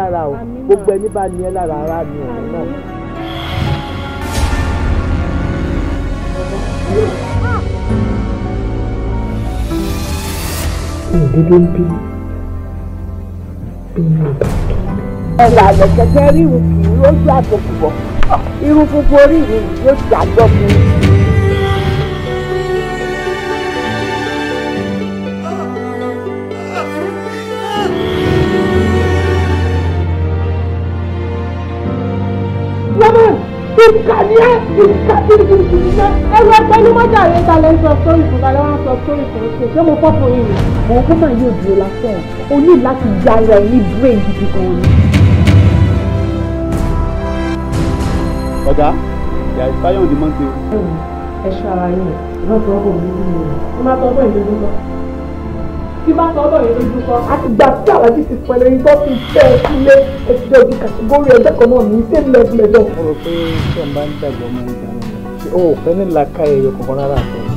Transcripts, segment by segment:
lára o gbogbo ẹni bá ní ẹ lára ara ni ọ̀rọ̀ náà. ìdílé ń bí bí mi ò bá tó. ẹ̀rọ àgbẹ̀ kẹ̀kẹ́ rí irun kì í lójú àtọkùbọ̀ irun funfun orí mi yóò ti àjọ fún mi. ìkàdí ẹ ìkàdí gidigidigidi ẹ lọ pẹ ní mọ́jà rẹ ta lẹ́yìn sọ sórí fún balẹ̀ wọn sọ sórí fún ṣe ṣé mo fọ́pọ̀ yìí ni. àwọn kọ́mà yóò dúró lásán o ní láti ya ara ẹ ní brain gidi gan ni. ọ̀gá ìyá ìfáyọ̀ ni mọ́tò. ẹ ṣọ́ ara yín ẹ̀ lọ́tọ̀ọ́ kò ní í lò ó má tọ́ bọ́ ìdókòwò tí bá sọ ọ́dọ̀ yẹn lójú sọ. àtìgbà tí alájí ti pẹ̀lẹ́ yín tó ti tẹ́ ẹ sílé ẹtìjọ́ ojú kàtígórì ẹgbẹ́ kan náà ní same level ẹjọ́. mo rò pé ṣé n bá ń dàgbọ́ mọ́ ìjà náà ṣé o ò fẹ́ ní làákàyè ẹyọ rárá àtọ́.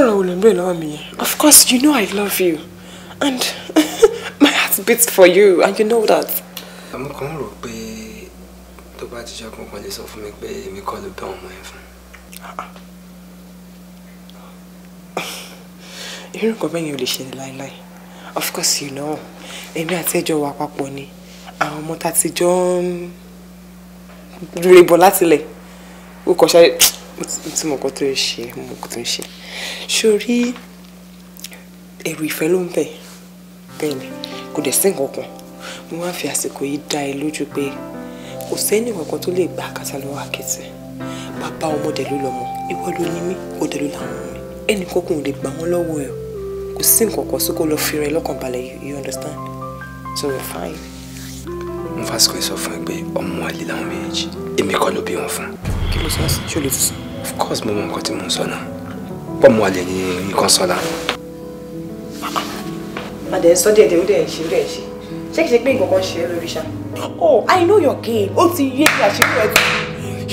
ọ̀rọ̀ wo ló ń bèrè of course you know I love you and my heart beats for you and you know that. I'm kan rò pé tó bá ti ṣẹ́kùn kan lè sọ fún mi pé èmi kọ́ ló bẹ́ my ẹ̀ fún. irú nǹkan bẹ́ẹ̀ yẹn ò lè of course you know èmi àti ẹjọ́ wa papọ̀ ni àwọn ọmọ tá ti jọ ń rèébọ̀ látilẹ̀ We could ṣe tí mo kọ́ tó ń ṣe mo kọ́ tó ń ṣe sórí ẹ̀rù ìfẹ́ ló ń bẹ̀ bẹ́ẹ̀ ni kò dẹ̀ sí nǹkan kan mo máa ń fi àsìkò yìí dá ẹ lójú pé kò sẹ́ni kankan tó lè gba àkàtà lọ́wọ́ àkẹ́tì bàbá ọmọdé ló lọ́mọ ìwọ ló ní mí òdè ló làwọn ọmọ mi ẹnì kankan ò lè gbà wọ́n lọ́wọ́ ẹ̀ kò sí nǹkan kan sí kó lọ fi rẹ lọ́kàn balẹ̀ you understand so we're fine. mo fásitì sọ fún ẹ pé ọmọ àlè làwọn méjèèjì èmi kọ́ ló bí wọn fún. kí ló sọ sí ṣé o lè tún sọ of course mo mọ nǹkan tí mo ń sọ náà pọ̀ mo àlè ní nǹkan sọ lára. padà ẹ sọ díẹ̀díẹ̀ ó dẹ̀ ṣe ó dẹ̀ ṣe ṣé kìí ṣe pé oh i know your game ó ti yé mi she. ẹ ti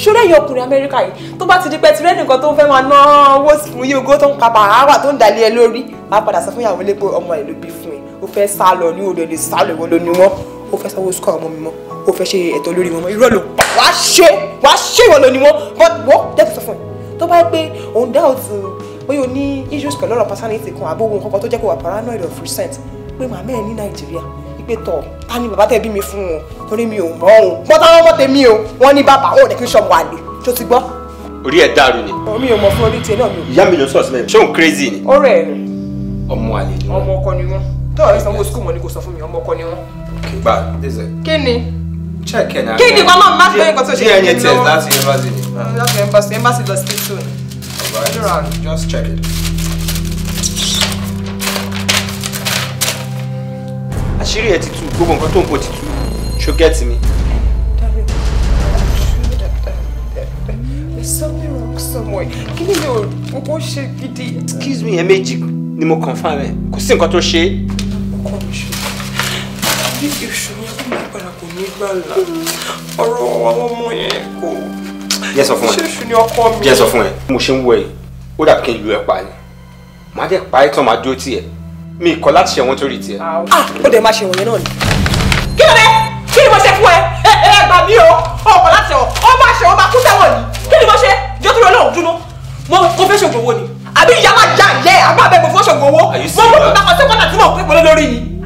ṣọlá yìí ọkùnrin To yìí to bá ti di pẹ́ tirẹ́ nìkan tó ń fẹ́ máa ná owó fún yìí ogó tó ń pa pàáwà tó ń dalẹ̀ ẹ lórí máa padà sọ fún ìyàwó lépo ọmọ ẹ ló bí fún ẹ ó fẹ́ sá lọ ní òde lè sá lọ ìwọ ló ní wọn ó fẹ́ sanwó sukọ ọmọ mi mọ́ ó fẹ́ ṣe ẹ̀tọ́ lórí wọn mọ́ irọ́ ló pa ṣe wàá ṣe ìwọ lónìí wọn but wọ́n dẹ́kun sọ fún ẹ tó bá yẹ pé òun dá òtún bóyá o ní issues pẹ̀lú ọ̀rọ̀ personality kan àbí ohun kankan tó jẹ́ kó wà paranoid of recent pé màmá ẹ̀ ní nàìjíríà pé tọ̀ ta ni bàbá tẹ̀ bí mi fún wọn torí mi ò mọ̀ òun gbọ́n táwọn ọmọ tèmi o wọ́n ní bàbá òun ò dẹ̀ kí n ṣọmọ àlè tó ti gbọ́. orí ẹ dàrú ni. omi ò mọ fún orí tiẹ̀ náà mi. ìyá mi ló sọ sí ṣé òun crazy ni. ó rẹ̀ ẹ̀rù. ọmọ àlè ni wọn. ọmọ ọkọ ni wọn tó ọ̀rẹ́ sanwó skul ni kò sọ fún mi ọmọ ọkọ ni wọn. gbà dẹ́sẹ̀. kí ni check ẹ̀ náà. kí ni wọn náà má fẹ́ nǹkan tó ṣe é nínú. dna embassy That's mm, láti embassy embassy lọ stay soon. alright just check it. Ashiri ẹ ti tú gbogbo nǹkan tó ń bò ti tú ṣó mi. There's something wrong somewhere. Kí ni mi gidi? Excuse me, ẹ̀ẹ̀mejì ni mo confirm ẹ̀. Kò sí nǹkan tó ṣe é. Ọkọ mi ṣòro nígbàlà ọ̀rọ̀ àwọn ọmọ yẹn kò jẹ́ sọ fún ẹ ṣéṣù ni ọkọ mi jẹ́ sọ fún ẹ mo ṣe ń wọ ẹ ó dà kí n lu ẹ pa ni màá dẹ̀ pa ẹ tán màá dúró tiẹ̀ mi kọ̀ láti ṣẹ̀wọ̀n torí tiẹ̀. Ah, ó dẹ̀ máa ṣẹ̀wọ̀n yẹn náà ni. kí ló dé kí ni mo ṣe fún ẹ ẹ ẹ gbà mí o ọkọ̀ láti ṣẹ̀wọ̀n ọ máa ṣẹ̀wọ̀n máa kú sẹ́wọ̀n ni kí ni mo ṣe jọ́ tó rẹ náà dúró mo kò fẹ́ ṣògùn ni àbí ìyá máa já ìyá ẹ̀ àbá bẹ́ẹ̀ fọ́ ṣògùn mo mú ìgbà kan sí pọ́nà tí mo pè pọ́nà lórí ni.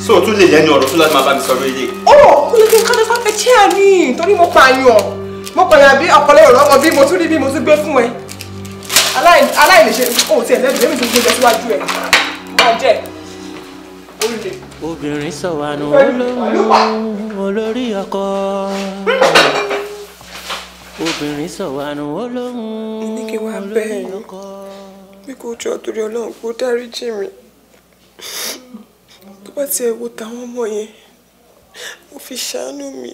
so o tún lè yẹn ní ọ̀rọ̀ tún láti máa bá mi sọ̀rọ̀ ilé. ó kò lè fi kọ́lé fáfẹ́ tí a ní torí mo pààyàn mo pààyàn bí ọpọlọ ọ̀rọ̀ ọmọ bí mo tún rí bí mo tún gbé fún ẹ aláìníṣe òun tiẹ̀ lẹ́nu lẹ́nu tó gbé síwájú ẹ máa jẹ́ olùdè. obìnrin sọ wà nù olórí ọkọ obìnrin sọ wà nù olóhùn olórí ọkọ. bí kò jọ torí ọlọ́run kó dáríjì mi bá tiẹ̀ wo tàwọn ọmọ yẹn mo fi ṣàánú mi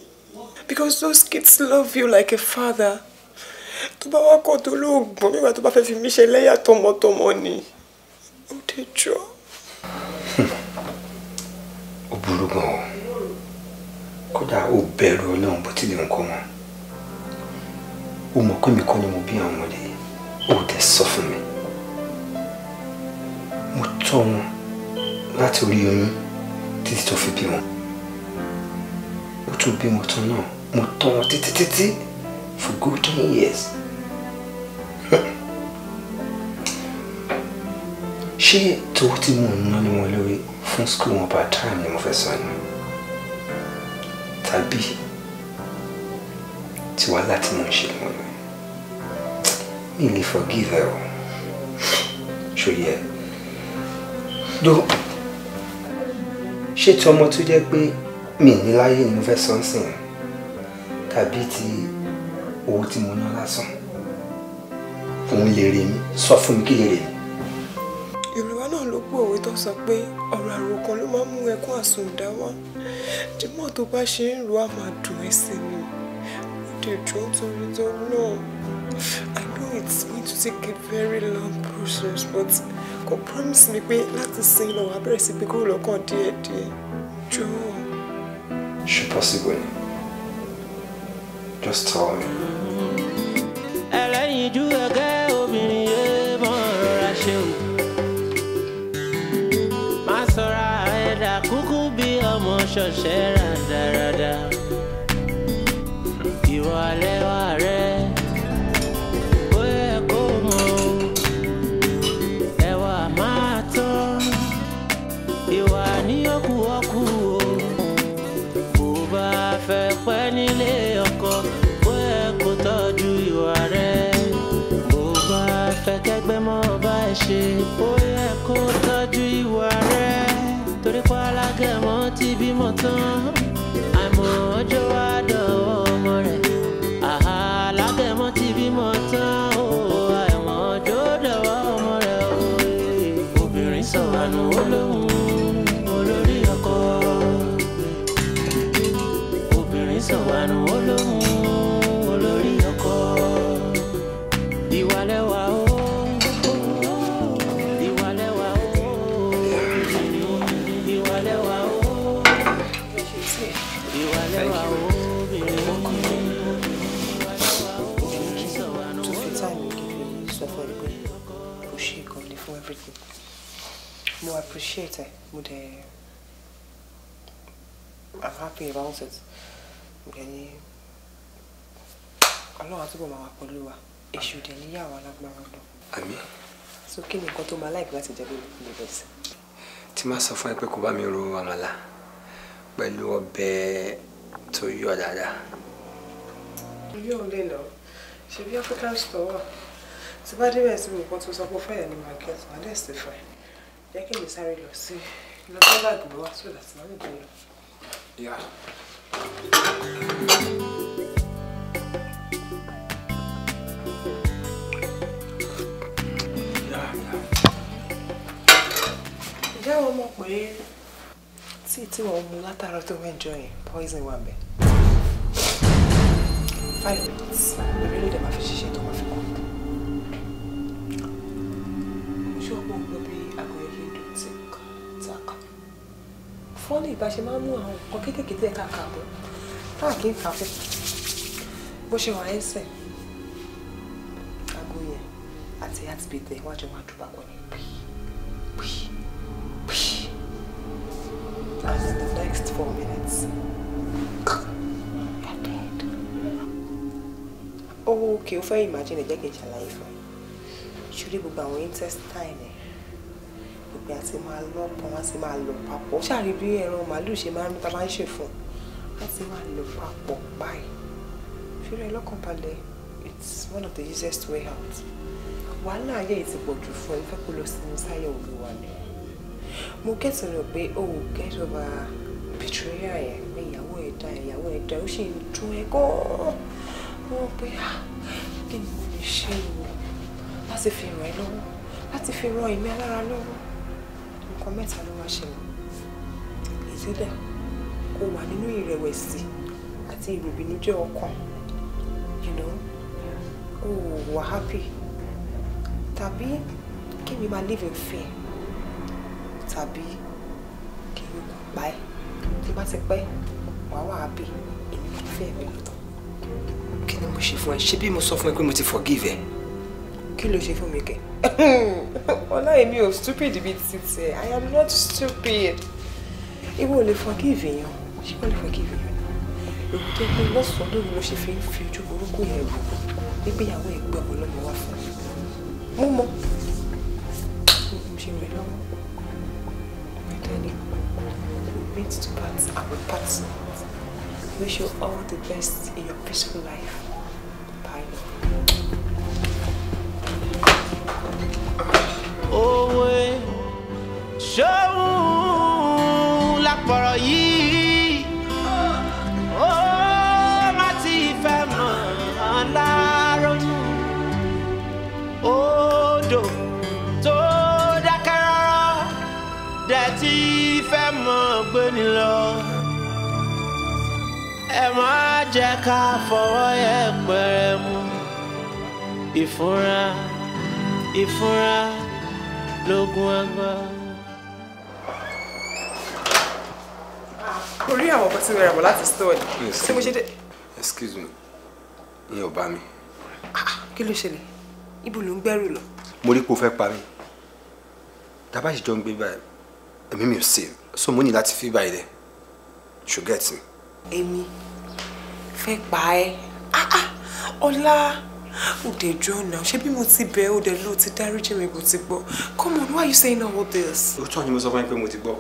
because those kids love you like a father tó bá wá kọ́ tó lóògùn nígbà tó bá fẹ́ fi mí ṣe lẹ́yà tọmọtọmọ ni ó dé jọ. ó burú gan o kódà ó bẹ̀rù ọlọ́run bó tilẹ̀ ń kọ́ wọn ó mọ̀ pé mi kọ́ ni mo bí àwọn ọmọdé ó dẹ̀ sọ fún mi mo tọ́ wọn láti orí oyún títí tó fi bí wọn ó tún bí wọn tán náà mo tọ́ wọn títí títí for good ten years ṣé tòwó tí mò ń ná ní wọn lórí fún school wọn bá time ni mo fẹ́ sọ ni tàbí tiwa láti mò ń ṣe wọn lórí mi lè forgive ẹ o ṣòye ẹ ṣé ti ọmọ tó jẹ́ pé mi ní láyé ni mo fẹ́ sọ ń sìn tàbí ti owó tí mo ná lásán òun lè rè sọ fún mi kí lè rè yorùbá náà ló gbọ́ òwe tó sọ pé ọ̀rọ̀ àròkàn ló máa ń mú ẹkún àsùnwòdá wá jimoh tó bá ṣe ń ro àmà dùn ẹsẹ̀ mi òdìjú nítorí tó náà I know it's going to take a very long process but kò promise mi pé láti sin lọ wà bẹ̀rẹ̀ sí pé kúrò lọ́kàn díẹ̀díẹ̀ jọ. ṣe possible ni just tell me. ẹlẹ́yinjú ẹgẹ́ obìnrin yé mọ́ rọra ṣe o sọra ẹ̀dà kúkú bí ọmọ ṣọ̀ṣẹ́ rẹ̀. matin. appreciate ẹ mo dẹ̀ i'm happy about it mo dẹ̀ ní ọlọ́run àtúbọ̀ máa wà pẹ̀lú wa èṣù dẹ̀ níyàwó alágbára lọ. àmín. so kí ni nǹkan tó máa láìpẹ́ láti jẹ́ bíi bíbẹ̀ sí. tí máa sọ fún ẹ pé kó bá mi ro àmàlà pẹ̀lú ọbẹ̀ tó yọ dáadáa. yóò lè lọ ṣe bí african store wà tí bá dé bẹ̀rẹ̀ sí mi nǹkan tó sọ pé ó fẹ́ yẹn ni màá kẹ́tù má dẹ̀ sí fẹ́ jẹ́ kí èmi sáré lọ sí lọ sí báàgì mi wá sódà tí màmí mi lọ. Yeah. ǹjẹ́ wọ́n mọ̀ pé tí tí wọ́n mu látàárọ̀ tó wẹ́n jọ yẹn poison wà bẹ́ẹ̀. five minutes lórí ló dẹ̀ ṣiṣẹ́ tó máa fi kú. mo ṣe ọgbọ́n gbọ́ bí. fọ́nì ìbáṣe máa ń mú àwọn nǹkan kéékèèké tẹ́ ká kà bọ́ táà kí n kà fún bó ṣe wà ẹ́sẹ̀ aago yẹn àti heartbeat ẹ̀ wájú wa dùn papọ̀ ní pí pí pí and in the next four minutes you are dead. owó oh, òkè ó fẹ́ imagine ẹ̀ jẹ́ kí n ṣàlàyé fún ẹ ṣorí gbogbo àwọn intestine ẹ̀ ìgbà tí máa lọ́pọ̀ wọn ti máa lọ papọ̀ ó ṣàrí bí ẹran màálù ṣe máa ń ta máa ń ṣe fún wọn ti máa lọ papọ̀ báyìí fírẹ́ lọ́kàn balẹ̀ it's one of the easiest way out wàhálà ayé yìí ti pọ̀ jù fún ẹ fẹ́ kó lọ sinmi sáyẹ̀ olúwa ni mo kẹ́sàn rẹ̀ pé o ò kẹ́sàn bá betrayal yẹn pé ìyàwó ẹ̀ da ìyàwó ẹ̀ da ó sì ń dún ẹ gan-an wọ́n pé ah, kí ni mo lè ṣe o láti fi ràn ẹ́ lọ́wọ́ láti fi ràn ẹ̀mí alára lọ́wọ́ nǹkan mẹ́ta ló wá ṣẹlẹ̀ ìsílẹ̀ kò wà nínú ìrẹ̀wẹ̀sì àti ìròbìnújẹ́ ọkàn you know o wà happy tàbí kí mi máa live in fear tàbí kí mi kò pa ẹ́ tí bá ti pẹ́ wàá wà happy èmi kò fẹ́ mi lọ́tọ̀. kí ni mo ṣe fún ẹ ṣé bí mo sọ fún ẹ pé mo ti forgive ẹ kí ló ṣe fún mi kẹ ọlá èmi stupid bíi ti tiẹ i am not stupid ìwọ ò lè forgive èèyàn ṣé wọ́n lè forgive èèyàn èyí tó gbé lọ́sàn-án lórí ló ṣe fi ń fi ojú burúkú yẹn wò nígbéyàwó ẹgbẹ́ ọ̀pọ̀lọpọ̀ wá fún un mo mọ mo ṣe rẹ̀ lọ́wọ́ ẹ̀dẹ́ni we meet to part our part wish you all the best in your peaceful life. jẹ́ ká fọwọ́ yẹpẹrẹ mú ìfúnra ìfúnra lógún àgbà. orí àwọn ọkọ tí mo rà bọ̀ láti store ni tí mo ṣe dé. excuse me ìyẹn ò bá mi. Ah, ah, kí ló ṣẹlẹ̀ ibo ló ń gbẹ́rù lọ. mo rí pé o fẹ́ pa mí tàbá ìjọ ń gbé báyìí ẹ̀mí mi ò save so mo ní láti fi báyìí dẹ̀ ṣùgẹ́tì. èmi fẹ́ pa ẹ́ ah, ah, ọlá òde jọ́nà ṣé bí mo ti bẹ̀ òde ló ti dáríjì mi kò ti gbọ́ come on why are you saying all this. òótọ́ ni mo sọ fún yín pé mo ti gbọ́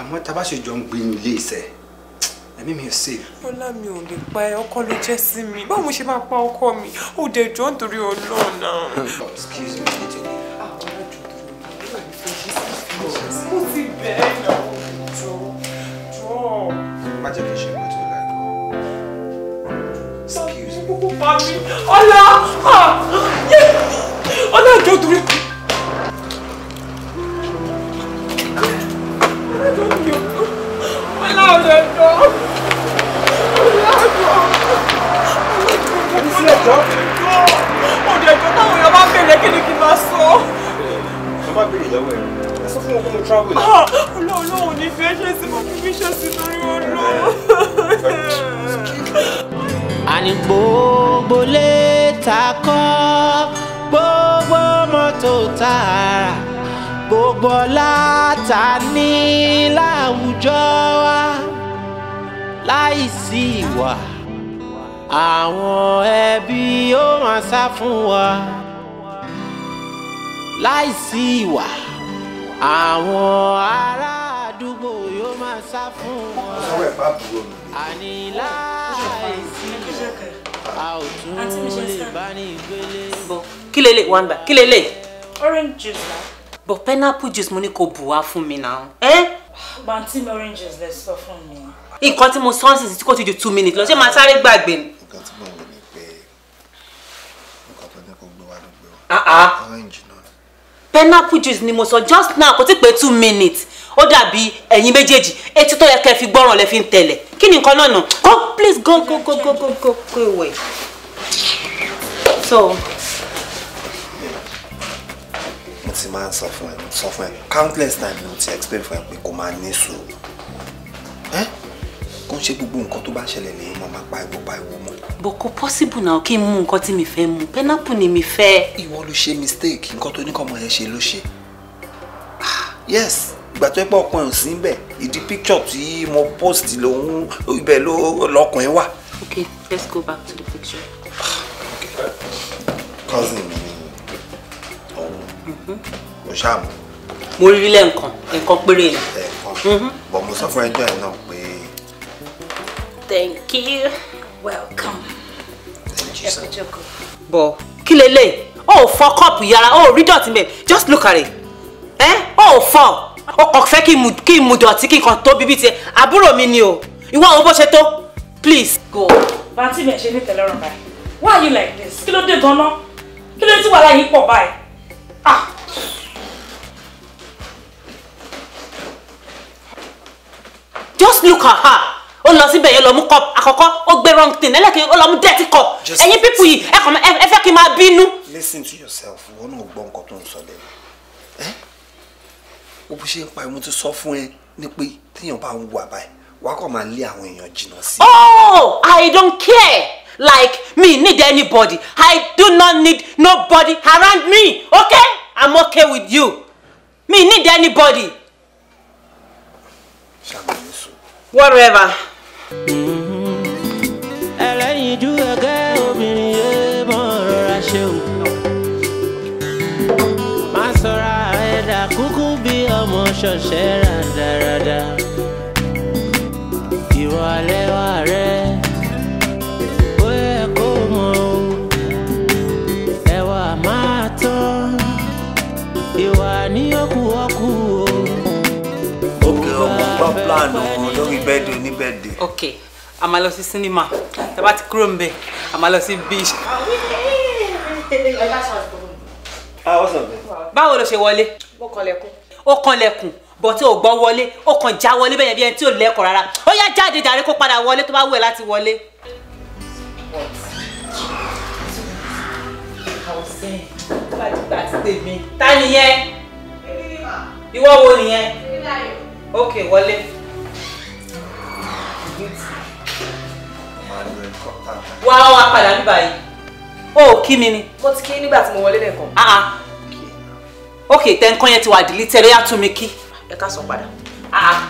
àmọ́ tá a bá ṣe jọ ń gbé ní ilé ìṣẹ́ ẹ̀mí mi ò sí. ọlá mi ò lè pa ẹ ọkọ ló jẹ́ sí mi báwo mo ṣe máa pa ọkọ mi òde jọ́ nítorí ọlọ́run náà. Oh, excuse me jẹ́ mo ti bẹ̀ ẹ́ ìyàwó jọ̀ọ́ jọ̀ọ́. má jẹ́ kí n ṣe. pa mí ọlá. fún wa láìsí ìwà àwọn ará àdúgbò yóò máa sá fún wa àní láìsí ìwà a ò tún lè bá ní ìgbélé. kí lélẹ̀ wá ń gbà kí lélẹ̀. orange juice la. but pineapple juice mo ní kó bù wá fún mi náà. Eh? Eh? bàǹtí mi orange juice lè sọ fún mi. nǹkan tí mo sọ́ọ́sì tí kò ti ju two minutes lọ ṣé máa sáré gbàgbé ni. Ah, ah. orange náà. pineapple juice ni mo sọ just now kò tí pé two minutes ó dàbí ẹ̀yin méjèèjì etí tó yẹ kẹ́ fi gbọ́ràn lẹ́ fi ń tẹ̀lẹ̀ kí ni nǹkan náà nà go please go go go go go go go away. so. mo ti máa ń sọ fún ẹ sọ fún ẹ countless times mo ti explain fún ẹ pé kò máa ní sùúrù kó ń ṣe gbogbo nǹkan tó bá ṣẹlẹ̀ lèyìn mo máa pariwo pariwo mọ́ bọ̀ possible now. kí n mú nǹkan tí mi fẹ́ mú pẹ́nápù ni mi fẹ́. ìwọ ló ṣe mistake nǹkan tó ni kọ́mọ yẹn ṣe ló ṣe yes ìgbà tó ẹ pọ̀ ọkùnrin ò sí picture tí mo post lòun ibẹ̀ ló lọkùnrin wà. okay let's go back to the picture. okay cousin mi ọ̀hún mhm. mo ṣáà mọ̀ mo rí lẹ́ǹkan nǹkan péré ni. ẹ̀ẹ̀kan mhm. bọ̀ mo sọ fún ẹjọ́ ẹ̀ náà thank you welcome ẹ kú jókòó. bọ kí lélẹ̀ o ò fọ kọ́ọ̀pù yàrá o ò just look at it Eh? Oh fuck. Oh, o kò fẹ́ kí n mu dọ̀tí kí n kàn tó bíbí tiẹ̀ àbúrò mi please go. bàtí mi ẹ̀ ṣe why are you like this kí ló dé gan-an kí ló dé tí wàhálà yìí ah. just look at her ó lọ síbẹ̀ yẹn lọ mú cup àkọ́kọ́ ó gbé wrong thing ẹlẹ́kẹ̀ẹ́ ó lọ mú dirty cup ẹ̀yin pípù yìí ẹ kàn ẹ fẹ́ kí n máa bínú. listen to yourself wọn náà gbọ́ nǹkan tó ń sọ lẹ́nu ẹ o bó ṣe ń pa ẹ mo ti sọ fún ẹ ní pé téèyàn bá ń wà báyìí wàá kàn máa lé àwọn èèyàn jìnnà sí. oh i don't care like me need anybody i do not need nobody around me okay i'm okay with you me need anybody. whatever. Mm-hmm. ẹlẹ́yinjú ẹgẹ́ obìnrin yé mọ́ rọra ṣe o. má sọra ẹ̀dà kúkú bí ọmọ ṣọ̀ṣẹ́ rádaràda. ìwà lẹ́wà rẹ̀ ó yẹ kó mọ̀ o. ẹwà máa tán ìwà ní ọkùọkù o. òkè ọmọ bá plan bẹ́ẹ̀dì oní bẹ́ẹ̀dì. ok a máa lọ sí sinima tá a bá ti kúrò nbẹ a máa lọ sí beach. Ah, báwo ló ṣe wọlé. mo kàn lẹ̀kùn. ó kàn lẹ̀kùn bọ̀ tí ò gbọ́ wọlé ó kàn já wọlé bẹ́ẹ̀ yẹn bí ẹni tí ò lẹ́kọ̀ọ́ rárá ó yá jáde jàre kó padà wọlé tó bá wù ẹ́ láti wọlé. ta ni yẹn ìwọ wo nìyẹn ok wọlé. wà á wá padà ní báyìí ó kí ni. mo ti kí nígbà tí mo wọlé lẹ́ẹ̀kan. ah, ah. ok tẹ̀ǹkan yẹn ti wà deleted lóyà tún mi kí. ẹ ká sọ padà. Ah, ah.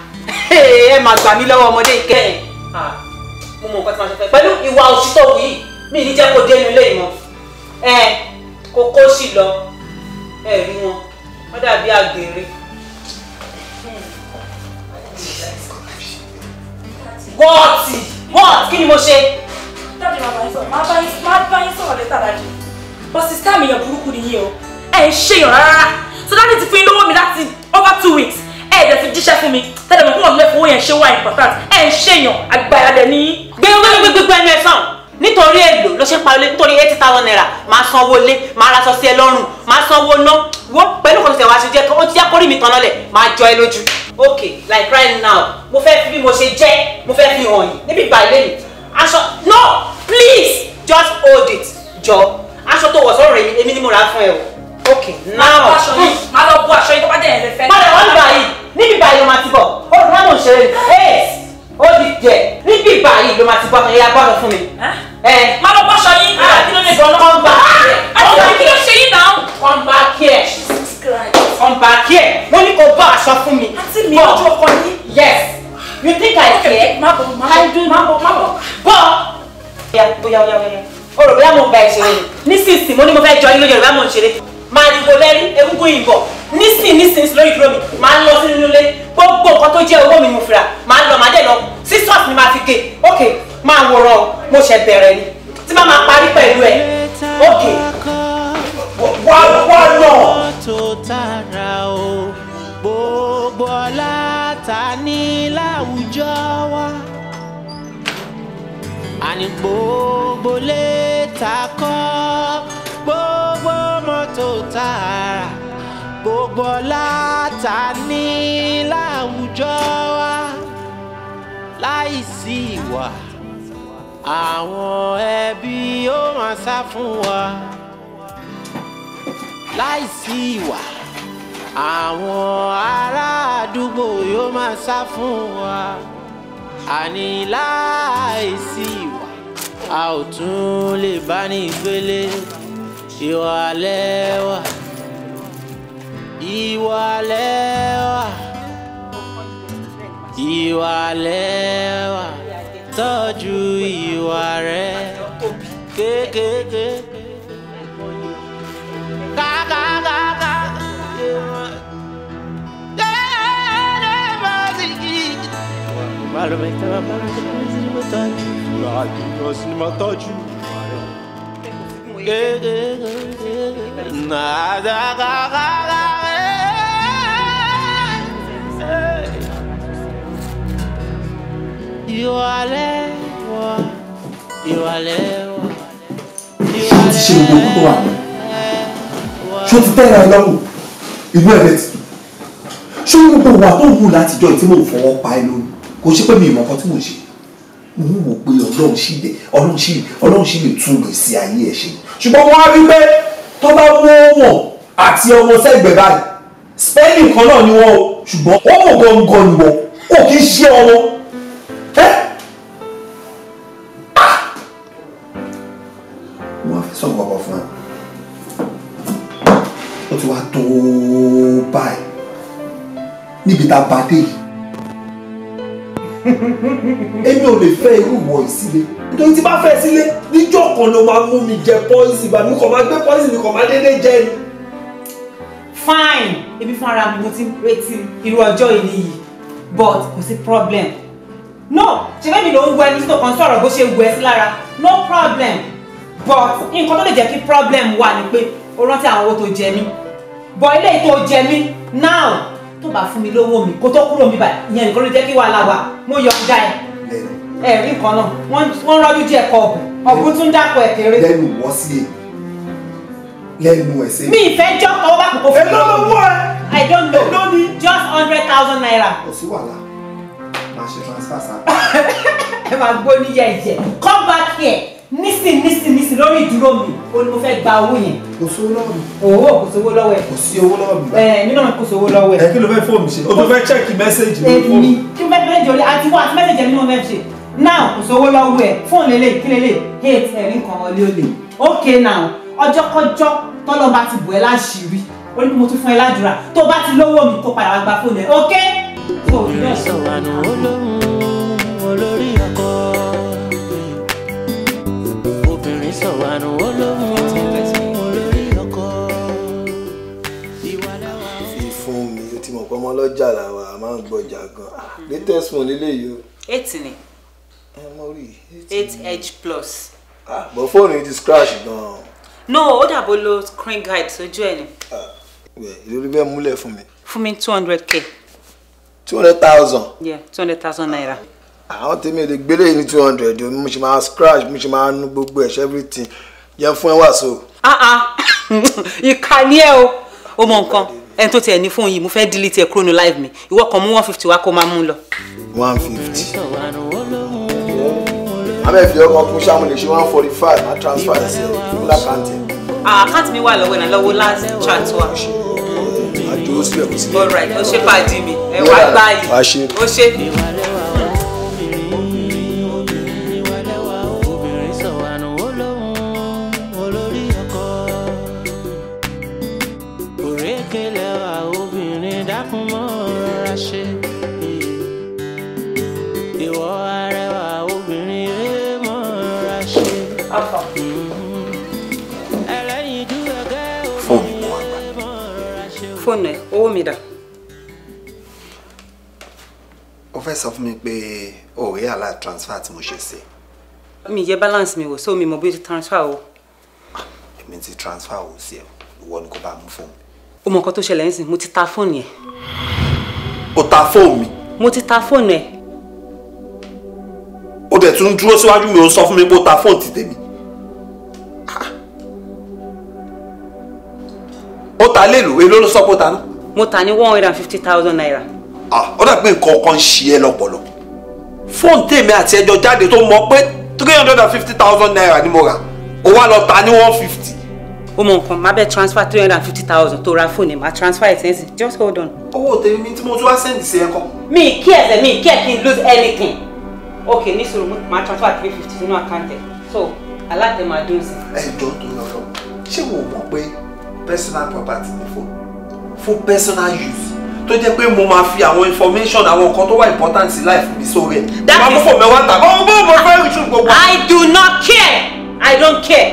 ẹ máa gbà mí lọ́wọ́ ọmọdé ìkẹyìn. mo mọ nǹkan tí màá ṣe fẹ́ pẹ̀lú ìwà òṣìṣẹ́ òwú yìí mi ní jẹ́ kó dé inú ilé ìmọ̀ ẹ kó kó sì lọ ẹ rí wọn wọ́n dàbí àgbèrè. wọ́ọ̀tì wọ́ọ̀tì kí mo ṣe dáàdì máa bá yín sọ̀rọ̀ máa bá yín máa bá yín sọ̀rọ̀ lẹ́tà dáàdì but sister mi yàn burúkú nìyí o ẹ̀ ń ṣèyàn rárá so dáàdì ti fún yín lówó mi láti over two weeks ẹ̀ ẹ̀ dẹ̀ fi jíṣẹ́ fún mi tẹ́lẹ̀ mọ̀ fún ọ̀nà lẹ́fọ̀ọ́ yẹn ṣé wà important ẹ̀ ń ṣèyàn àgbàyà dẹ̀ ní. gbẹ̀gbẹ̀gbẹ̀gbẹ̀ ẹnu ẹ̀ sàn nítorí èlò ló ṣe ń parí nítorí eighty thousand naira máa sanwó lé máa ra aṣọ sí ẹ lọ́rùn máa sanwó ná wọ́n pẹ̀lú kan ṣẹ̀wá ṣe jẹ́ ó ti yá kórìí mi tán lọ́lẹ̀ máa jọ ẹ lójú. ok like right now mo fẹ́ fi bí mo ṣe jẹ́ mo fẹ́ fi hàn yìí níbi ìgbà ilé mi aṣọ no please just hold it jọ aṣọ tó wọ̀ sọ́rọ̀ yìí èmi ni mo rà á fún ẹ o ok now má lọ bu aṣọ yìí tó bá dẹ̀ ẹ̀rẹ̀ fẹ́. padà wọ́n gbà yìí níbi ìgbà yìí ló máa ti bọ̀ ó dùn láwọn òṣèré ẹ̀ ó di jẹ níbi ìgbà yìí ló máa ti bọ̀ ẹ̀yà gbọ́dọ̀ fún mi. má lọ bọ́ aṣọ yìí ah, kí ló lè gbọ́ náà. come back kí ló ṣe yín náà. come back here come back here wọ́n ní kó bá aṣọ fún mi. àti mi ojú ọkọ yín. yes You think I care? Má bọ̀, má bọ̀, má bọ̀, má yeah. Bọ̀! Bóyá bóyá bóyá bóyá. O rò bóyá mo gba ìṣeré ni. Nísinsìnyí mo you mo fẹ́ jọ yín lóye rẹ̀ bá mo ń ṣeré. Màá ní kò lẹ́rí egúngún ìbọ̀. Nísìn nísìn lórí ìdúró mi. Màá go sínú ilé. Gbogbo nǹkan tó jẹ́ owó mi mo fira. Màá lọ màá dẹ̀ lọ. Sísọ́ọ̀sì ni màá fi gé. Ok, máa wòran o. Mo ṣẹ̀ bẹ̀rẹ̀ ni. Tí bá máa parí pẹ̀lú ẹ̀. Ok, wà wà àní gbogbo lé ta kọ́ gbogbo mọ́tò tá a rà gbogbo ọlá ta ní láwùjọ wa láì sí ìwà àwọn ẹbí ó máa sá fún wa láì sí ìwà àwọn ará àdúgbò yóò máa sá fún wa àní láìsí ìwà a ò tún lè bá ní ìgbélé ìwà lẹ́wà ìwà lẹ́wà ìwà lẹ́wà tọ́jú ìwà rẹ kéékèèké. وعلى مكتبة بركة منزل مطاجي وعلى كوس المطاجي Ìwàlẹ́wà, ìwàlẹ́wà, ìwàlẹ́wà. Ṣé o ti ṣe gbogbo tó wà? Ṣé o ti tẹ́ra ẹ lọ́rùn? Ìlú ẹ̀rẹ́ ti. Ṣé o gbogbo wà tó wù látijọ́ tí mo fọwọ́ pa ẹ lórí? kò ṣe pé mi ìmọ̀ kan tí mò ń ṣe mo ń wò pé ọlọ́run sì lè ọlọ́run sì lè ọlọ́run sì lè tún gbèsè ayé ẹ̀ ṣe ṣùgbọ́n wọ́n á rí pé tó bá mú ọmọ àti ọmọ sẹ́gbẹ̀ẹ́ báyìí spelling kan náà ni wọ́n o ṣùgbọ́n wọ́n mọ̀ gangan ni wọ́n kò kí ń ṣe ọmọ ẹ́ wọ́n á fi sọ̀rọ̀ bàbá fún ẹ ó ti wá tó báyìí níbi tá a bá dé yìí èmi ò lè fẹ́ irú ìwọ ìsílé nítorí tí bá fẹ́ sílé níjọ́ kan ló máa mú mi jẹ pọ́ìsì bá mi kàn máa gbé pọ́ìsì mi kàn máa dédé jẹ ni. fine èmi fúnra mi mo ti ń retí irú ọjọ́ ìní yìí but kò sí problem no ṣe bẹ́ẹ̀ mi ló ń wẹ ní sọ kan sọ̀rọ̀ bó ṣe wẹ sí lára no problem but nǹkan tó lè jẹ́ kí problem wà ni pé o rántí àwọn owó tó jẹ mí but ilé ìtò jẹ mí now tó bá fún mi lówó mi kó tó kúrò mi báyìí ìyẹn nìkan ló jẹ́ kí wàhálà wà mo yọ ọ̀gá ẹ̀ ẹ̀rí nǹkan náà wọ́n rọ́jú díẹ̀ kọ ọ̀gùn tún dákọ̀ ẹ̀ kéré. lẹ́nu wọ́ sí e lẹ́nu ẹ̀ sí. mi ìfẹ́ jọ́ ọwọ́ bá kòkó fún mi. èló ló wọ́ ẹ. I don't know èló just hundred thousand naira. kò sí wàhálà máa ṣe transfer sáà. ẹ máa gbóníyà ìjẹ come back here nísìn nísìn nísìn lórí ìdúró mi o ni mo fẹ́ gba owó yẹn. kò sówó lọ́wọ́ mi. owó kò sówó lọ́wọ́ ẹ̀. kò sí owó lọ́wọ́ mi. ẹ mi náà kò sówó lọ́wọ́ ẹ̀. ẹ kí ló fẹ́ fóònù ṣe o tó fẹ́ chẹ́ẹ̀kì mẹ́sẹ̀gì mi fóònù. èmi kí mẹ́sẹ̀gì mẹ́sẹ̀gì orí àti wọ́n àti mẹ́sẹ̀gì mi mo fẹ́ ṣe now kò sówó lọ́wọ́ ẹ̀ fóònù lélẹ̀ kí lélẹ̀ hate ẹ̀rín kan wọlé olè okay now ọjọ́kọ́jọ́ tọ́lọ́ba ti bù ẹ́ láṣìírí ó mo tún fún ẹ ládùúrà tó bá ti lówó mi kó padà wá gba fóònù ẹ̀ okay. sọ̀wánú olóhùn olórí ọkọ. ìfún mi tí mo pọ́ mọ́ lọ́jà làwọn a máa ń gbọ́jà gan ah, latest phone lélẹ́yìí o. eight ni. eight edge plus. ah but fóònù yìí ti scratch gan-an. no ó dàbò lo screen guide sójú ẹ ni. Ah, ìlú bẹ́ẹ̀ múlẹ̀ fún mi. fún mi two hundred k. two hundred thousand. yeah two hundred thousand naira àwọn tèmi ò lè gbélé ní two hundred o mo ṣe máa scratch mo ṣe máa nu gbogbo ẹ̀ everything jẹ́ fún ẹ wà so. Ah, ah. ìkànnì ẹ o o mọ nǹkan ẹni tó tiẹ̀ ní fóun yìí mo fẹ́ delete ẹ kúrò ní live mi ìwọ kan mú one fifty wá kó máa mú lọ. one fifty abẹ́ fi ọkọ̀ kún sáà mo lè ṣe one forty five na transfer ẹ̀ sí ìfúnlá kàǹtì. àkáǹtì mi wà lọ́wọ́ ẹ̀ lọ́wọ́ last chat wa. àjò ó sílẹ̀ kó sílẹ̀. all right ó ṣe pàdé mi ẹ̀ wá gbáyìí ó ṣe. fóònù ẹ owó mi dà. ó fẹ́ sọ fún mi pé òwe àlá transfer tí mo ṣe sí. mi yẹ balance mi wò so mi mọ bí o ti transfer o. èmi ti transfer o sí ẹ ìwọ ni kò bá mú fóònù. o mọ nǹkan tó ṣẹlẹ̀ ń mo ti ta fóònù yẹn. o ta fóònù mi. mo ti ta fóònù ẹ. o dẹ̀ tún dúró síwájú mi ò sọ fún mi pé o ta fóònù ti tèmi. ó ta lélu èló ló sọ pé ó ta ná. mo ta ní one hundred and fifty thousand naira. Ah, ó dà pé nǹkan kan ń ṣe ẹ lọ́pọlọ fóònù tèmi àti ẹjọ jáde tó mọ pé three hundred and fifty thousand naira ni mo rà ó wá lọ ta ní one fifty. o mọ nǹkan máa bẹ transfer three hundred and fifty thousand tó ra fóònù máa transfer ẹ̀ sẹ́nsìn just hold on. owó tèmi tí mo tún wá sẹ́ndì sí ẹ kọ́. mi kí ẹsẹ̀ mi kí ẹ kí n lose anything. ok ní sòrò mo máa transfer three fifty sínú àkáǹtì so aláàtẹ̀ máa dùn sí. ẹ jọ tó lọ sọ ṣé wo mọ̀ pé personal property mi fún fún personal use tó jẹ́ pé mo máa fi àwọn information àwọn nǹkan tó wà important sí life mi sórí ẹ̀. that is máa fò mẹ́wàá tàbí ọmọ bó mo fẹ́ ìṣú gbogbo. I do not care I don't care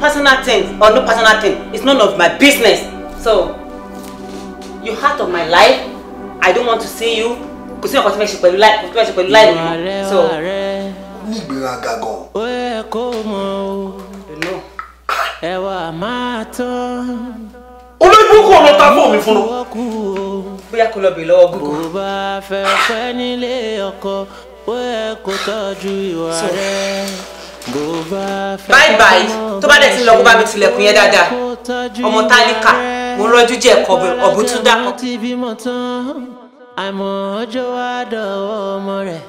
personal things or no personal things it's none of my business so you heart of my life I don't want to see you kò sí ọkọ tí mo ṣe pẹ̀lú láì tí mo ṣe pẹ̀lú láì mi so. ní ìgbéraga gan. ó yẹ kó mọ o ẹwà máa tán. olóyìnbó kò lọ ta fóònù fún un. bóyá kò lọ bè lọ́wọ́ gbogbo. kò bá fẹ́ pẹ́ nílé ọkọ ó yẹ kó tọ́jú ìwà rẹ̀. bó bá bye bye tó bá dẹ̀ ti lọ kó bá mi tilẹ̀kùn yẹn dáadáa ọmọ tálíkà mo rọ́jú jẹ́ ẹ̀kọ́ ọ̀bùtúndà kan àmọ́ ọjọ́ wa dọ̀wọ́ ọmọ rẹ̀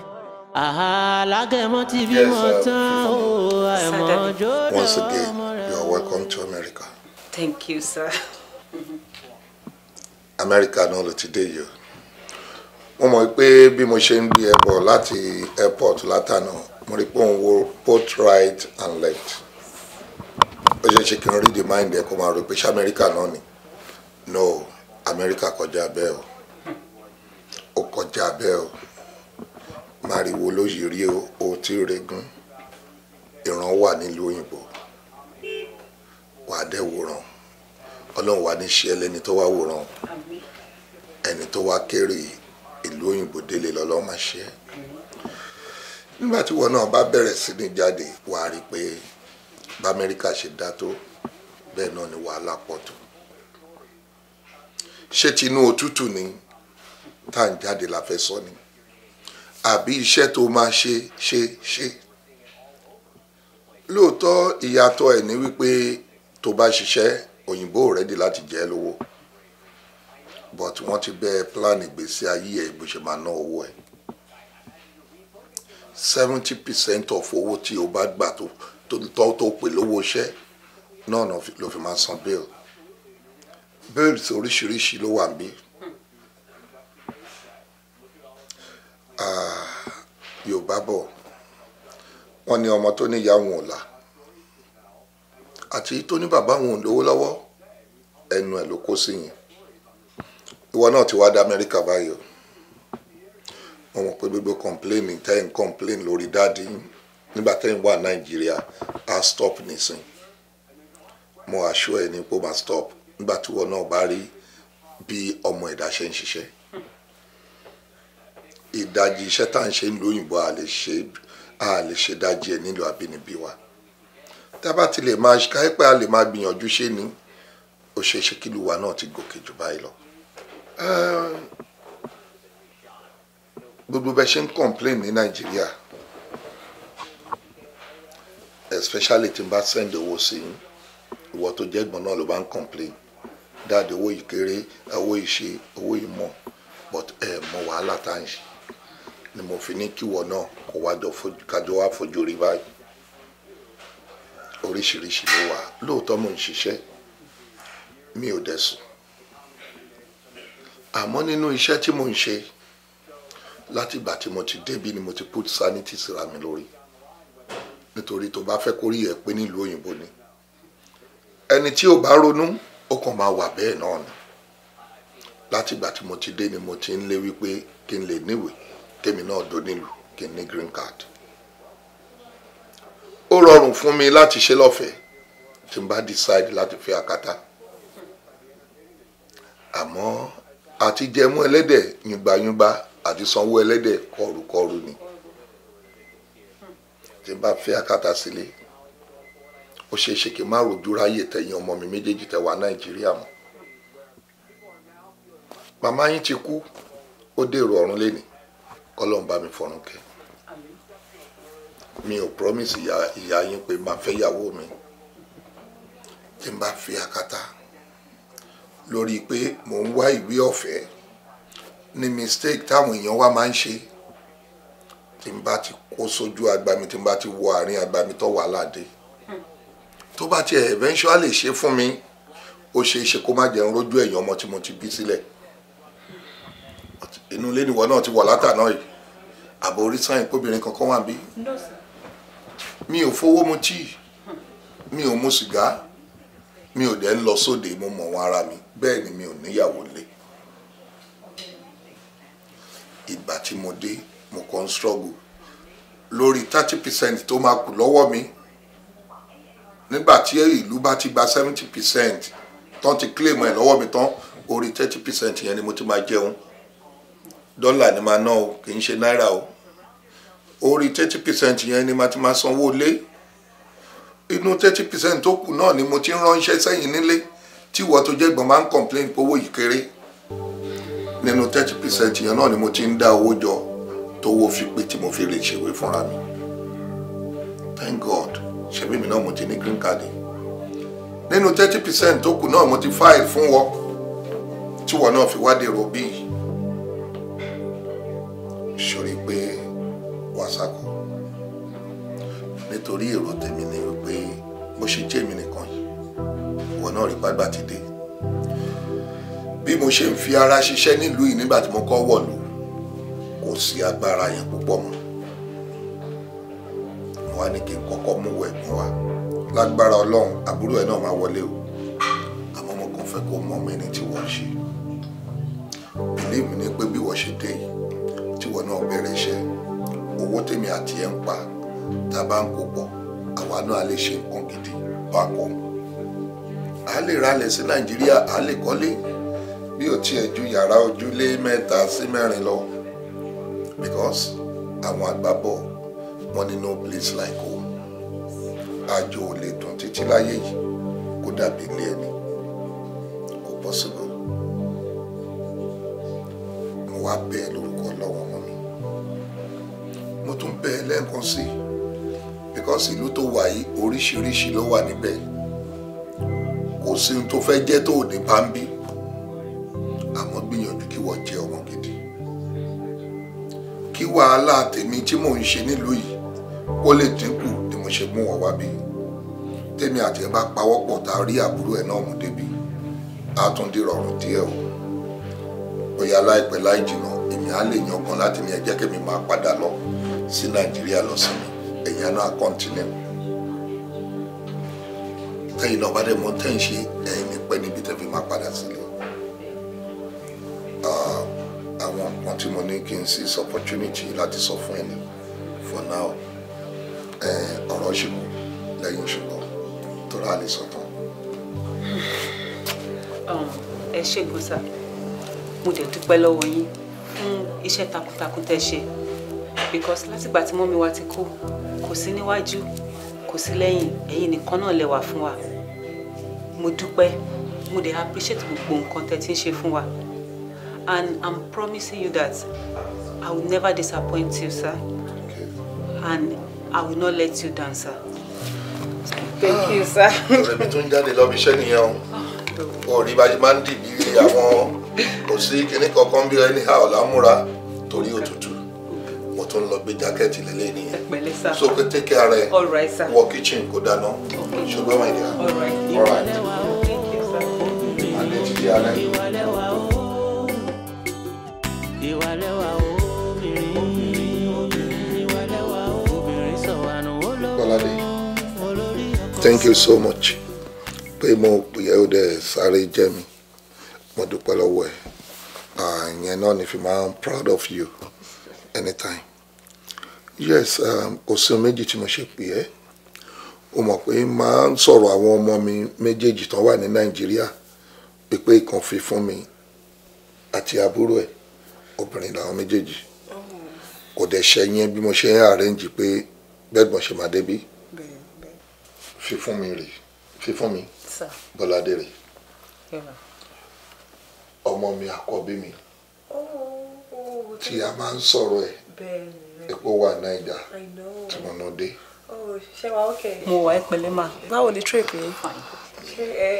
alágẹ̀mọ́ ti bímọ uh, tán ó àìmọ́ ọjọ́ dọ̀wọ́ ọmọ rẹ̀ welcome to America. Thank you, sir. America náà ló ti dé yìí Mo mọ̀ pé bí mo ṣe ń gbé ẹ airport Latano. mo rí pé wo both right and left. Ó ṣe ṣe kí n rí the mind ẹ kó máa rò pé ṣé America náà ni? No, America kọjá bẹ́ẹ̀ o. Ó kọjá bẹ́ẹ̀ o. Màrìwò ló yìí rí o, o ti regun. Ìran ni nílùú òyìnbó wà á dẹ́ wòran ọlọ́run wà ní ṣe ẹlẹ́ni tó wá wòran ẹni tó wá kéré ìlú òyìnbó délé lọ́lọ́run máa ṣe é nígbà tí wọn náà bá bẹ̀rẹ̀ sí ní jáde wà á rí i pé bá amẹ́ríkà ṣe dá tó bẹ́ẹ̀ náà ni wàhálà pọ̀ tó ṣé tinú òtútù ni tá à ń jáde la fẹ́ sọ ni àbí iṣẹ́ tó máa ṣe ṣe ṣe lóòótọ́ ìyàtọ̀ ẹ̀ ní wípé tó bá ṣiṣẹ́ òyìnbó rẹ́dì láti jẹ́ lówó but wọ́n ti bẹ́ẹ̀ plan ìgbésí ayé ẹ̀ bó ṣe máa ná owó ẹ̀ seventy percent of owó tí o bá gbà tó tó tó pè lówó iṣẹ́ náà ló fi máa san bill bills oríṣiríṣi ló wà níbí ah, yorùbá bọ̀ wọ́n ní ọmọ tó níyàwó ọ̀la àti tó ní bàbá òun ò lówó lọ́wọ́ ẹnu ẹ̀ ló kó sí yẹn ìwọ náà ti wá dá amẹ́ríkà báyìí o mo mọ̀ pé gbogbo kọ̀ǹpléènì tẹ́yìn kọ̀ǹpléènì lórí dáàdi nígbà tẹ́yìn wà nàìjíríà á stop nísìn mo àṣọ ẹ̀ ní pé ó máa stop nígbà tí ìwọ náà bá rí bí ọmọ ẹ̀dá ṣe ń ṣiṣẹ́ ìdajì iṣẹ́ tá à ń ṣe ń lóyìnbó a lè ṣe dájì ẹ̀ nílò àbínibí wa tábà ti lè máa ká pé a lè máa gbìyànjú ṣe ni ó ṣe é ṣe kí ìlú wa náà ti gòkè jù báyìí lọ. gbogbo bẹ́ẹ̀ ṣe ń complain ní nàìjíríà especially tí n bá send owó sí i ìwọ tó jẹ́ ẹ̀gbọ́n náà ló bá ń complain dáàdi owó yìí kéré owó yìí ṣe owó yìí mọ̀ but ẹ mọ wàhálà tá à ń ṣe ni mo fi ní kíwọ náà kó wájọ kájọ wá fojú rí báyìí oríṣiríṣi ló wà lóòótọ́ mò ń ṣiṣẹ́ mi ò dẹ̀ sùn àmọ́ nínú iṣẹ́ tí mò ń ṣe látìgbà tí mo ti débi ni mo ti put sanity síra mi lórí nítorí tó bá fẹ́ kórí ẹ̀ pé nílùú òyìnbó ni ẹni tí ò bá ronú ó kàn máa wà bẹ́ẹ̀ náà ni látìgbà tí mo ti dé ni mo ti ń lé wípé kí n lè níwèé kémi náà do nílùú kí n ní green card ó rọrùn fún mi láti ṣe lọ́fẹ̀ẹ́ tí n bá decide láti fi akata àmọ́ àti jẹmú ẹlẹ́dẹ̀ yúngbàyúngbà àti sanwó ẹlẹ́dẹ̀ kọrùkọrù ni tí n bá fi akata sílé ó ṣeé ṣe kí n má rojú ráyè tẹ̀yìn ọmọ mi méjèèjì tẹ̀ wá nàìjíríà mọ́ màmá yín ti kú ó dèrò ọ̀run lẹ́nìí kọ́lọ́n bá mi fọ̀run kẹ́ mi ò promise ìyá ìyá yín pé máa fẹ́ yàwó mi tí n bá fi akátá lórí pé mò ń wá ìwé ọ̀fẹ́ ní mistake táwọn èèyàn wá máa ń ṣe tí n bá ti kó sójú agbami tí n bá ti wọ àárín agbami tó wà ládé tó bá tiẹ̀ eventually ṣe fún mi ó ṣe é ṣe kó má jẹun rójú ẹ̀yìn ọmọ tí mo ti bí sílẹ̀ inú ilé nìwọ náà ti wọ̀ látà náà yìí àbò orí sáyìn kankan wà bí mi ò fowó mu tíì mi ò mu sìgá mi ò dẹ̀ ń lọ sóde mo mọ̀ wọn ara mi bẹ́ẹ̀ ni mi ò níyàwó lé ìgbà tí mo dé mo kàn ń struggle lórí thirty percent tó máa kù lọ́wọ́ mi nígbà tí ìlú bá ti gba seventy percent tán ti claim ẹ̀ lọ́wọ́ mi tán orí thirty percent yẹn ni mo ti máa jẹun dọ́là ni màá ná o kì í ṣe náírà o orí thirty percent yẹn ni màá ti máa sanwó lé inú thirty percent tó kù náà ni mo ti ń ránṣẹ́ sẹ́yìn nílé tí ìwọ tó jẹ́ ìgbọ̀n máa ń complain pé owó yìí kéré nínú thirty percent yẹn náà ni mo ti ń dá owó jọ tówó fi pé tí mo fi lè ṣèwé fúnra mi thank god ṣebí mi náà mo ti ní green card nínú thirty percent tó kù náà mo ti file fún wọn tí wọn náà fi wá dèrò bíi sori pé. Àṣàkó nítorí èrò tèmi ni wípé mo ṣe jẹ́ èmi nìkan yìí ìwọ náà rí gbàgbà ti dé bí mo ṣe ń fi ara ṣiṣẹ́ nílùú yìí nígbà tí mo kọ́ wọ̀lú kò sí agbára yẹn púpọ̀ mọ́ wá ní kí n kọ́kọ́ mú wọ wa lágbára ọlọ́run àbúrò ẹ̀ náà máa wọlé o àmọ́ mo kàn fẹ́ kó mọ ọmọ ẹni tí wọ́n ṣe bìlíìmù ni pé bí wọ́n ṣe dé yìí tí wọ́n náà bẹ̀rẹ̀ iṣẹ́ owó tèmi àti ẹ̀ ń pa tá a bá ń kó pọ̀ àwa náà lè ṣe nǹkan gidi papọ̀ a lè ralẹ̀ sí nàìjíríà a lè kọ́lé bí ó tiẹ̀ ju yàrá ojúlé mẹ́ta sí mẹ́rin lọ because àwọn àgbàbọ̀ wọn ní no place like home àjò ò lè dùn títí láyé yìí kó dàbí ilé ẹni kò possible mo wá bẹ́ẹ̀ lọ tún bẹ́ẹ̀ lẹ́ẹ̀kan sí because ìlú tó wà yìí oríṣiríṣi ló wà níbẹ̀ kò sí ohun tó fẹ́ jẹ́ tó ò ní bá ń bí àmọ́ gbìyànjú kí wọ́n jẹ́ ọmọ gidi kí wàhálà tèmi tí mò ń ṣe nílùú yìí kó lè dínkù ni mo ṣe mú wọn wá bí tèmi àti ẹ bá pawọ́pọ̀ tá a rí àbúrò ẹ̀ náà mú débi á tún dìrọ̀rùn díẹ̀ o bóyá láìpẹ́ láì jìnnà èmi á lè yan kan láti ní ẹ jẹ́ kí mi máa padà lọ sí nàìjíríà lọ sí mi ẹ̀yìn àná àkọ́ntínẹ̀ tẹ́yìn náà bá dẹ̀ mọ́ tẹ́ ń ṣe ẹ̀yìn ní pẹ́ níbi tẹ́ fi máa padà sílé àwọn nǹkan tí mo ní kí n seize opportunity láti sọ fún ẹni for now ọ̀rọ̀ ṣì kù lẹ́yìn oṣù kan tó rà lè sọ tán. Um, ẹ ṣe gbọ́sà mo dẹ̀ dúpẹ́ lọ́wọ́ yín fún iṣẹ́ takuntakun tẹ́ ṣe because látìgbà tí mọ́mi wa ti kú kò sí níwájú kò sí lẹ́yìn ẹ̀yin nìkan náà lẹ wà fún wa mo dúpẹ́ mo dey appreciate gbogbo nǹkan tẹ́ ti ń ṣe fún wa and i'm promising you that i will never disappoint you sir and i will not let you down sir. thank you sir. ọ̀rẹ́mi tún jáde lọ́bi iṣẹ́ nìyẹn o ò rí bá a ṣe máa ń dìbí àwọn kò sí kinní kankan bí ẹni ha ọ̀la múra torí òtútù tó ń lọ gbé jákẹ́ẹ̀tì lélẹ̀ nìyẹn. so kò take care rẹ wọ kitchen kò dáná ṣùgbọ́n my dear. ìwọlẹ́wà ó kéèké sá. àlẹ́ ti di thank you so much pé mo pè ó dẹ̀ sáré jẹ́ mi mo dúpẹ́ lọ́wọ́ ẹ̀ ah, ìyẹn náà ni fi máa proud of you anytime yes um, kò sí méjì tí mo ṣe pè ẹ́ o mọ̀ pé máa ń sọ̀rọ̀ àwọn ọmọ mi méjèèjì tó wà ní nàìjíríà pípé ìkan fi fún mi àti àbúrò ẹ̀ obìnrin làwọn méjèèjì kò dẹ̀ ṣẹyìn bí mo ṣe ń àrẹ́ǹjì pé bẹ́ẹ̀gbọ́n ṣe máa débí fi fún mi rè fi fún mi bọ́ládé rè ọmọ mi àkọ́bí mi oh, oh, oh, tí a máa ń sọ̀rọ̀ ẹ̀ epo wà naija tí mo ná dé. Oh, mo wà ẹ pẹ̀lẹ́ ma báwo ni trip yìí. ṣé ẹ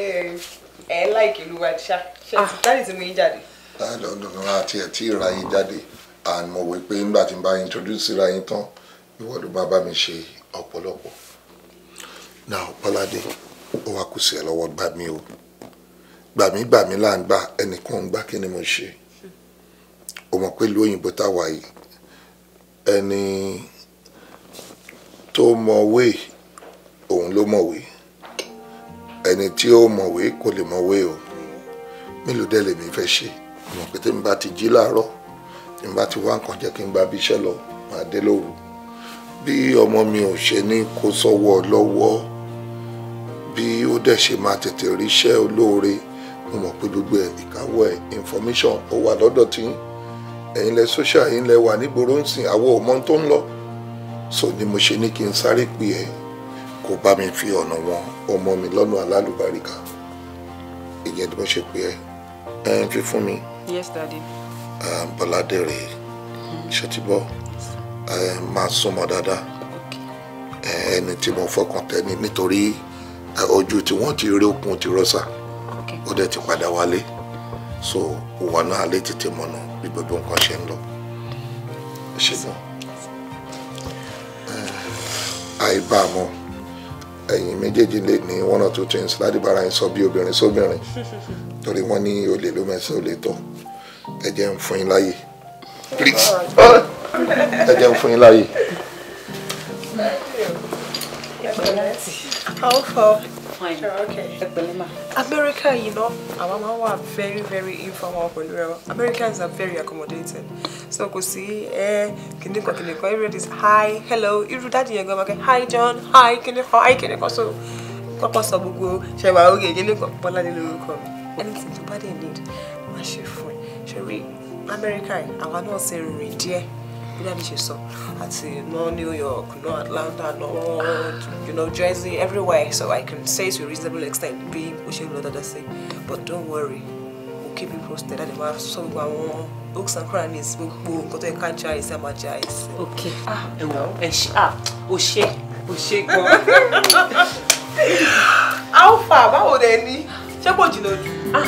ẹ láìkè ló wà ṣá ṣe dáàdì ah. tí mo yín jáde. dáàdì ọdún náà àti ẹ tí ìra yín jáde and mo wí pé nígbà tí n bá introduce ra yín tán ìwọ ló bá bá mi ṣe ọ̀pọ̀lọpọ̀ now Bọ́ládé ó wá kù sí ẹ lọ́wọ́ gbà mí o gbà mí gbà mí là ń gbà ẹnìkan ń gbà kí ni mo ṣe o hmm. mọ̀ pé ìlú táwa yìí ẹni tó mọ̀wé òun ló mọ̀wé ẹni tí ó mọ̀wé kò lè mọ̀wé o mélòó dẹ́ lèmi fẹ́ ṣe mọ̀ pé tí n bá ti jí láàárọ̀ tí n bá ti wá nǹkan jẹ́ kí n gba bí iṣẹ́ lọ màá dé lóru bí ọmọ mi ò ṣe ní kó sọ́wọ́ lọ́wọ́ bí ó dẹ̀ ṣe máa tètè ríṣẹ́ olóore mo mọ̀ pé gbogbo ẹ̀ ìkáwọ́ ẹ̀ information ó wà lọ́dọ̀ tí yín ẹ̀yin lẹ social ẹ̀yin lẹ wà nígboro ń sìn àwọn ọmọ tó ń lọ so ni mo ṣe ní kí n sáré pè ẹ́ kó bá mi fi ọ̀nà wọn ọmọ mi lọ́nà alálùbáríkà ìyẹn tí mo ṣe pè ẹ́ ẹ̀ ń fi fún mi. yes daddy. bọ́ládé rè é ṣe ti bọ́ máa súnmọ́ dáadáa ẹni tí mo fọkàn tẹ́ ni nítorí ojú tí wọ́n ti rí okun ti rọ́ṣà ó dẹ̀ ti padà wálé so òwà náà lè tètè mọ̀nà bí gbogbo nǹkan ṣe ń lọ. ṣe gan. Eh, àìbámu ẹ̀yin méjèèjì lè ní one or two things ládìbára yín sọ bí obìnrin sóbìnrin torí wọ́n ní olè ló mẹ́sàn olè tọ́ ẹ ń fún yín láyè please ẹ ń fún yín láyè. How far? fine. okay. America, you know, our mama are very, very informal pẹ̀lú Americans are very accommodating. So kò sí eh kíni kan kíni kan everybody is hi, hello. Irú daddy yẹn gan ma hi John, hi kíni kan, hi kíni kan so kọ́kọ́ sọ gbogbo ṣe wà oge kíni kan Bọ́lá ní lórúkọ mi. Anything tó bá need, mashifu. ṣe fún America yìí, àwa náà ṣe rìn bí dáàbì ṣe sọ àti náà New York náà Atlanta náà you know Jersey everywhere so I can say to a reasonable extent bí pushing ṣe ń lọ dáadáa but don't worry we'll keep you posted àti máa sọ gbogbo àwọn books and crannies gbogbo nǹkan tó yẹ ká já ẹsẹ máa já ẹsẹ. ok and ah, wọ ẹ ṣe ah o ṣe o ṣe gan. alpha báwo lẹ ní ṣé kò jìnnà jù. ah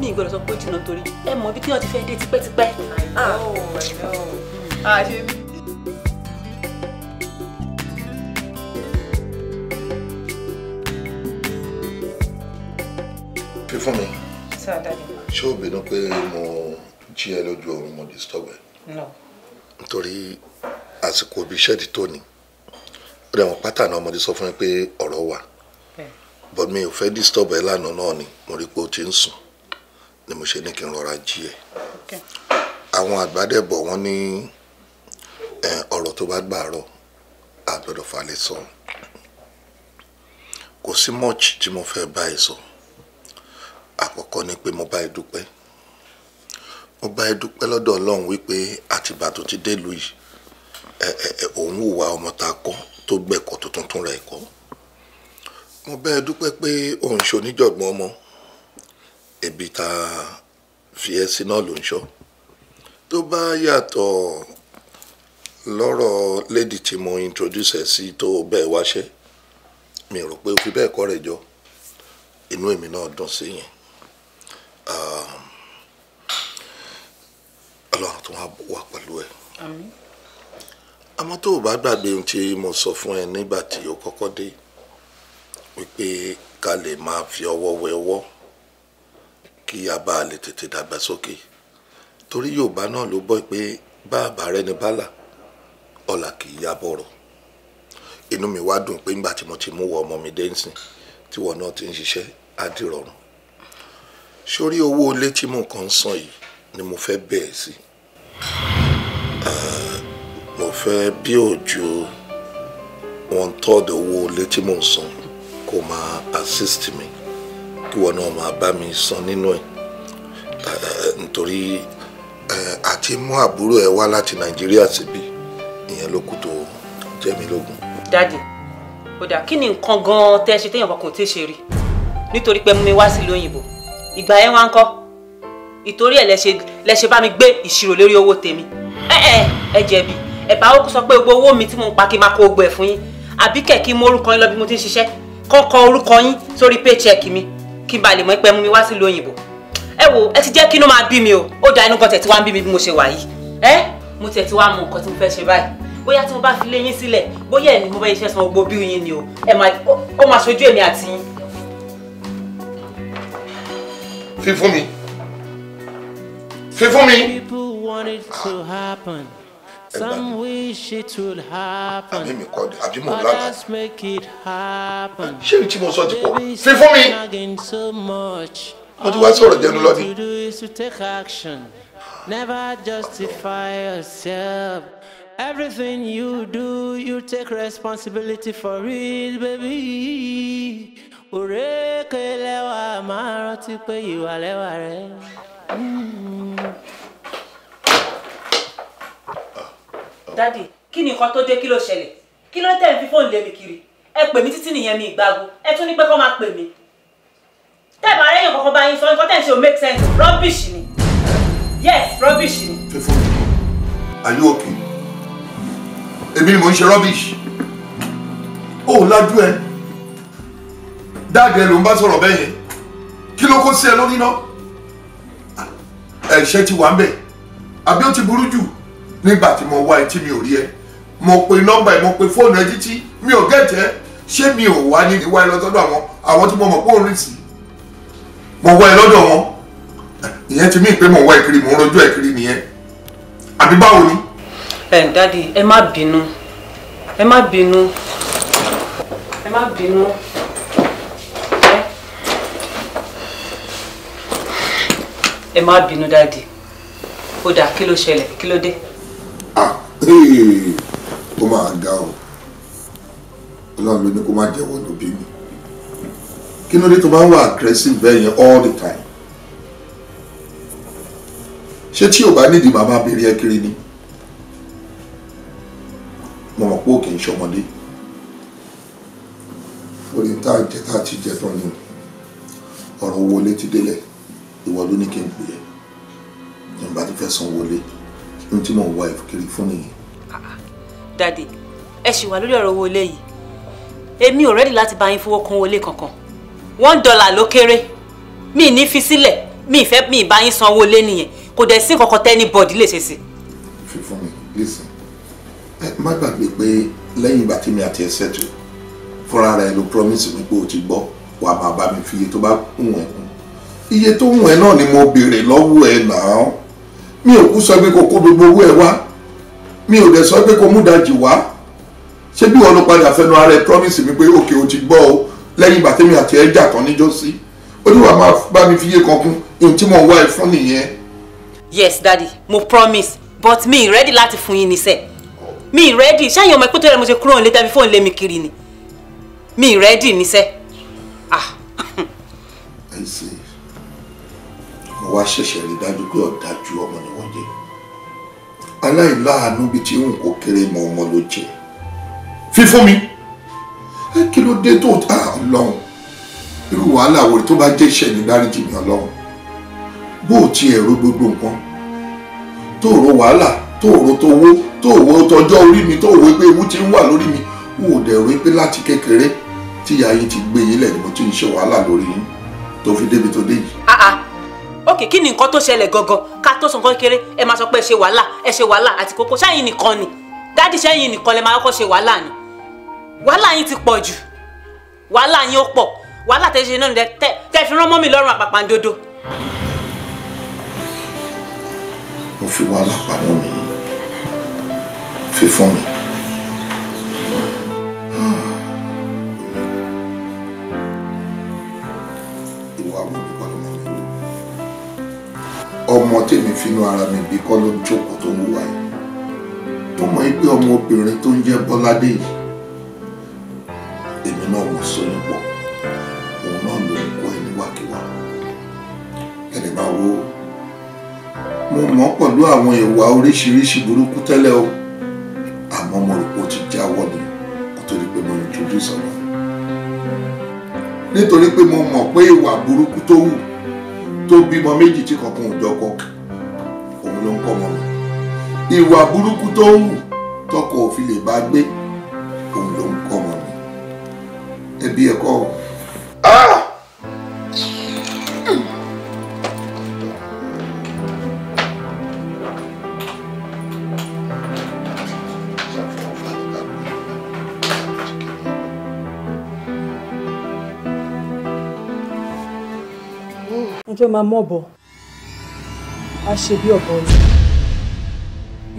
mi ìgbọ́dọ̀ sọ pé jìnnà torí ẹ mọ ibi tí wọ́n ti fẹ́ dé tipẹ́tipẹ́. I know, I know àṣebí. fi fún mi. ṣé o bínú pé mo jí ẹ lójú oorun mo disturb ẹ. nítorí àsìkò ibi iṣẹ́ ti tó ni ó dẹ̀ wọ́n pátá náà ọmọdé sọ fún mi pé ọ̀rọ̀ wà but mi ò fẹ́ disturb ẹ lánàá náà ni mo rí pé o ti ń sùn ni mo ṣe ní kí n rọra jí ẹ. àwọn àgbàdẹ̀bọ̀ wọ́n ní. Okay ọ̀rọ̀ tó bá gbàárọ̀ àgbọ̀dọ̀ falẹ̀ sọ kò sí much tí mo fẹ́ bá ẹ sọ àkọ́kọ́ ni pé mo bá ẹ dúpẹ́ mo bá ẹ dúpẹ́ lọ́dọ̀ ọlọ́run wípé àtìgbà tó ti délùú yìí òun hùwà ọmọ ta kọ́ tó gbẹ̀kọ́ tó tuntun rẹ̀ kọ́ mo bá ẹ dúpẹ́ pé òun ṣe oníjọ̀gbọ́n ọmọ ẹbí tá fi ẹ sí náà ló ń ṣọ́ tó bá yàtọ̀ lọ́rọ̀ lady tí mo introduce ẹ sí tó bẹ́ẹ̀ wáṣẹ́ mi rò pé ó fi bẹ́ẹ̀ kọ́ rẹ̀ jọ inú èmi náà dùn sí yẹn ah, ọlọ́run tó wà pẹ̀lú ẹ. àmọ́ tó o bá gbàgbé ohun tí mo sọ fún ẹ nígbà tí o kọ́kọ́ dé wípé ká lè máa fi ọwọ́ wẹ ọwọ́ kí a bá lè tètè dàgbàsókè torí Yorùbá náà ló bọ́ pé bá àbá rẹ ní bá là ọ̀la kì í yá bọ̀rọ̀ inú mi wá dùn pé ńgbà tí mo ti mú wọ ọmọ mi dẹ́nsìn tí wọn náà ti ń ṣiṣẹ́ á di rọrùn sórí owó ilé tí mo kàn san yìí ni mo fẹ́ bẹ̀ẹ́ sí mo fẹ́ bí òjò one third owó ilé tí mo ń san kó máa assist mi kí wọn náà máa bá mi san nínú ẹ̀ nítorí àti mú àbúrò ẹ̀ wá láti Nàìjíríà síbí ìyẹn ló kú tó jẹ́ mi lógún. dáàdì ó dà kí ni nǹkan gan-an tẹ́ ṣe téèyàn kankan tí ì ṣe rí nítorí pé mú mi wá sí lóyìnbó ìgbà yẹn wá ń kọ́ ìtorí ẹ̀ lẹ ṣe bá mi gbé ìṣirò lórí owó tèmi ẹ ẹ ẹ jẹ̀bi ẹ̀bá ó sọ pé gbogbo owó mi tí mo ń pa kí n máa kó gbẹ fún yín àbí kẹ̀kí mú orúkọ yín lọ bí mo ti ń ṣiṣẹ́ kọ́kọ́ orúkọ yín sórí paycheck mi kí n ba lè mọ̀ pé mú mi wá sí lóyìnbó ẹ wo ẹ ti jẹ́ kínú máa bí mi o ó da inú kan tẹ̀ tí wá ń bí mi bí mo ṣe wà yìí mo tiẹ̀ ti wá mọ nǹkan tí mo fẹ́ ṣe báyìí bóyá tí mo bá fi lé yín sílẹ̀ bóyá ẹ̀mí mo bá iṣẹ́ san gbogbo bí yín ni o ẹ máa ó máa ṣojú èmi àti yín. fi mi fi mi. Àbí mi kọ́ àbí mo lára. Ṣé ìtí mo sọ ti pọ̀? Fi mi. Mo ti wá sọ̀rọ̀ jẹnu lọ Never justify yourself. Everything you do, you take responsibility for it, baby. Daddy, lẹ́wà máa rántí pé ìwà lẹ́wà rẹ̀. Mm. Dádì, kí ni nǹkan tó dé kí ló ṣẹlẹ̀? Kí ló tẹ̀ ń fi fóònù lé mi kiri? Ẹ pè mí títí nìyẹn mi ìgbàgbọ́, ẹ tún ní pé kó máa pè mí. Tẹ́ẹ̀ bá rẹ́yìn kankan bá yín sọ, nǹkan tẹ̀ ń ṣe ò make sense, rubbish ni yes rubbish ni. are you okay èmi ni mò rubbish ó lájú ẹ dáàdì ẹ ló ń bá sọ̀rọ̀ bẹ́ẹ̀ yẹn kí ló kó sí ẹ lórí náà ti wà ń bẹ̀ àbí ó ti burú jù nígbà tí mo wá ẹ tí mi ò rí mo pe nọ́mbà ẹ mo pe fóònù ẹ títí mi ò gẹ̀tẹ́ ṣé mi ò wá ní ìwá ẹ lọ sọ́dọ̀ àwọn àwọn tí mo mọ̀ pé òun mo wá ẹ lọ́dọ̀ wọn ìyẹn ti mí pé mò ń wá ìkiri mò ń rojú ìkiri nìyẹn àbí báwo ni. ẹ dádì ẹ má bínú ẹ má bínú ẹ má bínú. ẹ má bínú dáàdì ó dáa kí ló ṣẹlẹ̀ kí ló dé. Ah, ó máa ga o ọlọ́run ló ní kó má jẹ́wọ́ ló bí mi kí ló dé tó bá ń wà aggressive bẹ́ẹ̀ yẹn all the time ṣé tí ò bá nídìí màmá abèrè ẹ kiri ni mo mọ̀ pé òkè ń ṣọmọdé orí tá a jẹ tá a ti jẹ tán ni ọ̀rọ̀ wọlé ti délẹ̀ ìwọ ló ní kí n pè é ní bá ti fẹ́ san wọlé ní tí mo wá ìfikiri fún nìyẹn. Ah, dadi ẹ ṣì wà lórí ọ̀rọ̀ owó ilé yìí èmi ò rẹ́dì láti bá yín fowó kún wọlé kankan one dollar ló kéré mi ní fi sílẹ̀ mi ìfẹ́ mi ìbá yín san owó ilé nìyẹn kò dẹ̀ sí kankan tẹ́ anybody lè ṣe sí. fífún mi listen má gbàgbé pé lẹ́yìn ìgbà tí mi àti ẹ ṣètò fúnra rẹ ló promise mi pé o ti gbọ́ wàá máa bá mi fi iye tó bá wùn ẹ́ kún iye tó wùn ẹ́ náà ni mo béèrè lọ́wọ́ ẹ náà mi ò kú sọ pé kó kó gbogbo owó ẹ wá mi ò dẹ̀ sọ pé kó mú dajì wá ṣé bí wọn ló padà fẹnu ara ẹ promise mi pé òkè o ti gbọ́ o lẹ́yìn ìgbà tẹ́mi àti ẹ jà tán níjọ́sí ó ní wàá máa bá mi fi iye kan kún ìyẹn tí mo wá ẹ fún nìyẹn yes daddy mo promise but mi ready láti fún yín níṣẹ́ mi ready ṣáàyàn ọmọ ìpótó rẹ mo ṣe kúrò nílé tàbí fóònù lé mi kiri ni mi ready níṣẹ́ ah. ẹ ṣe mo wá ṣẹ̀ṣẹ̀ rí dájú pé ọ̀dájú ọmọ ni wọ́n jẹ́ aláìláàánú bíi tí n kò kéré mọ ọmọ ló jẹ fífún mi kí ló dé tó ah, ọlọ́run irú wàhálà wo tó bá jẹ́ ìṣẹ̀lẹ̀ dáríjì mi ọlọ́run bó o tiẹ̀ ro gbogbo nǹkan tó ro wàhálà tó ro towó tó tọjọ́ orí mi tó pé ewu ti ń wà lórí mi o ò dẹ̀ ro pé láti kékeré tíyà yín ti gbé yín lẹ̀ ni mo ti ń ṣe wàhálà lórí yín tó fi débi tó dé yìí. ah ah ok kí ni nǹkan tó ṣẹlẹ̀ gangan ká tó sọ nǹkan kékeré ẹ máa sọ pé ẹ ṣe wàhálà ẹ ṣe wàhálà àti kókó ṣáàyìn nìkan ni dáàdì ṣáàyìn nìkan lẹ máa kọ́kọ́ ṣe wàhálà ni wàhálà yín ti pọ̀ jù wàhálà yín ó pọ̀ wàhálà tẹ́ ṣe náà tẹ́ fi rán mọ́mì lọ́rùn àpàpàǹdodo fi wàhálà pamọ́ mi fi fún mi. ọmọ tèmi finú ara mi bí kọ́ ló ń jókòó tó ń wúwa yìí tó mọ̀ pé ọmọbìnrin tó ń jẹ́ Bọ́ládé yìí mo mọ̀ pẹ̀lú àwọn ìwà oríṣiríṣi burúkú tẹ́lẹ̀ o àmọ́ mo rò pé o ti jáwọ́ ni kó tó di pé mo introduce ọ̀rọ̀ nítorí pé mo mọ̀ pé ìwà burúkú tó wù tó bímọ méjì tí kankan ò jọ kọ òun ló ń kọ́ ọmọ mi ìwà burúkú tó ń wù tọkọ òfin lè bá gbé òun ló ń kọ́ ọmọ mi ẹbí ẹ̀kọ́ ọ̀hún. fẹ́ máa mọ̀bọ̀ á ṣe bí ọ̀bọ ni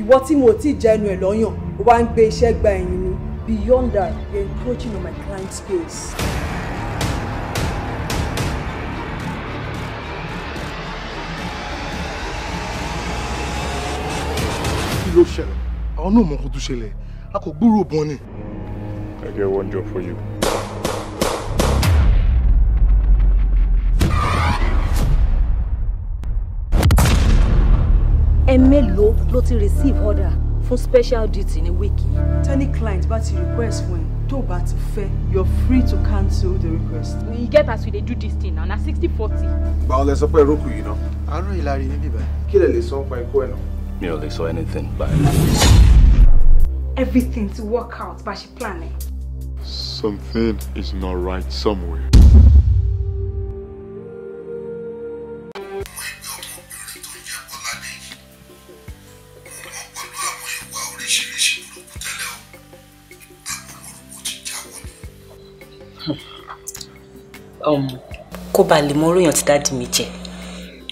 ìwọ tí mo ti jẹ ẹnu ẹ̀ lọ́yàn wá ń gbé iṣẹ́ gba ẹ̀yìn ni beyond that you are encroaching on my client space. kí ló ṣẹlẹ̀ àwọn náà mọ̀ kó tó ṣẹlẹ̀ a kò gbúròó bọ́n ni. I get one job for you. ẹ mélòó ló ti receive order fún special duty ní wíìkì yìí. tẹ́ni client bá ti request fún ẹ tó o bá ti fẹ́ you're free to cancel the request. you get as we dey do this thing now na sixty forty. gba ọ lẹ sọ pé ẹrọkù yìí ná. àárọ̀ ìlàrí níbí báyìí. kí lè lè sọ ń pa ikú ẹ̀ náà. mi ò lè sọ anything báyìí. everything to work out bá ṣe plan ẹ. something is not right somewhere. Um, kó ba lè mọ oróyàn tí dáàdì mi jẹ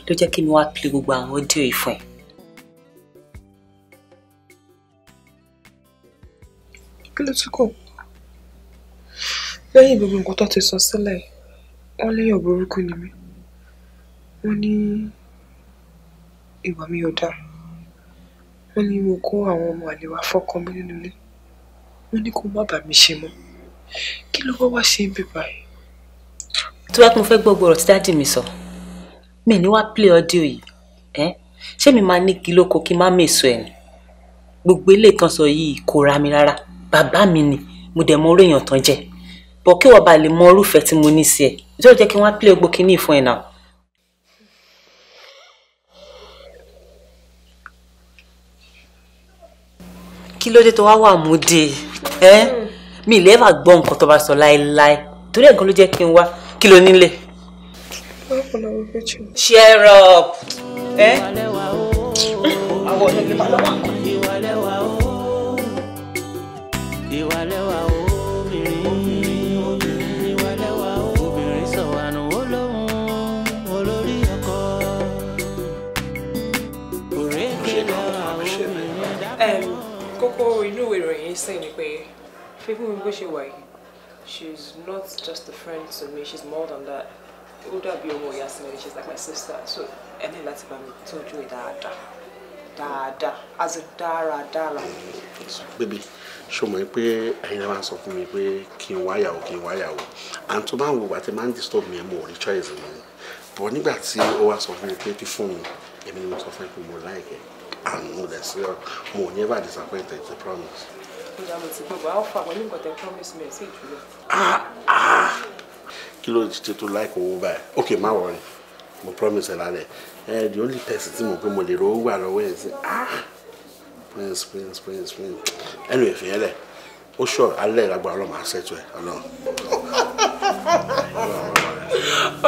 ló jẹ́ kí mi wá pè gbogbo àwọn ọdíò yìí fún ẹ. kí ló tún kọ lẹ́yìn gbogbo nǹkan tó ti sọ sílẹ̀ wọ́n léèyàn burúkú ni mí wọ́n ní ìwà mi ò dáa wọ́n ní mo kó àwọn ọmọ àlè wá mi nínú ilé wọ́n ní kó má bà mí ṣe mọ́ kí ló wá wá ṣe ń bíbá yìí tó bá kún fẹ́ gbọ́ gbọ́rọ̀ tí dáàdì mi sọ mi ní wá play audio yìí ẹ́ ṣé mi máa ní kí lóko kí má mèso ẹ̀ ni gbogbo ilé ìtàn sọ yìí kò ra mi rárá bàbá mi ni mo dẹ̀ mọ orí èèyàn tán jẹ́ bọ̀ kí wọ́n bá lè mọ orúfẹ́ tí mo ní sí ẹ̀ ìjọba jẹ́ kí wọ́n á play ogbó kínní ìfún ẹ̀ náà. kí ló dé tó wá wà mú de ẹ́ mi ì lè fà gbọ́ nǹkan tó bá sọ láéláé torí ẹ̀gán ló jẹ́ kí n wá kí ló nílé. share up. àwọn ọ̀dọ́ kí n máa lọ́wọ́ àkọ́kọ́. ìwàlẹ́wà o. kókó inú ìròyìn sẹ́yìn ni pé fífún mi bó ṣe wà yìí She's not just a friend to me, she's more than that. Ó biomo ọmọ she's like my sister. So any láti bá mi tọ́jú ẹ̀ dáadáa. Dáadáa. As in dáradára. Bébí, ṣo mọ̀ pé ẹ̀yin máa ń sọ fún mi pé kí n king kí n wáyàwó. And tó bá ń wo àti disturb me, ẹ̀ mo ò rí choice But when you ó see sọ fún mi pé fífún mi, èmi ni mo sọ fún ẹ pé mo láìkẹ́. And mo dẹ̀ sí ọ, mo ò ní disappointed, I promise ìyá mo ti gbọ́ bá ó fà pẹ̀lú nǹkan tẹ promise me mo promise ẹ lálẹ́ ẹ the only person tí mo pé mo lè rówó gbà lọ́wọ́ yẹn sí ah! prince prince prince prince ẹnu ìfẹ́ yẹn lẹ̀ ó ṣọ alẹ́ ìlàgbà ọlọ́mọ àṣẹtù ẹ ọlọ́run.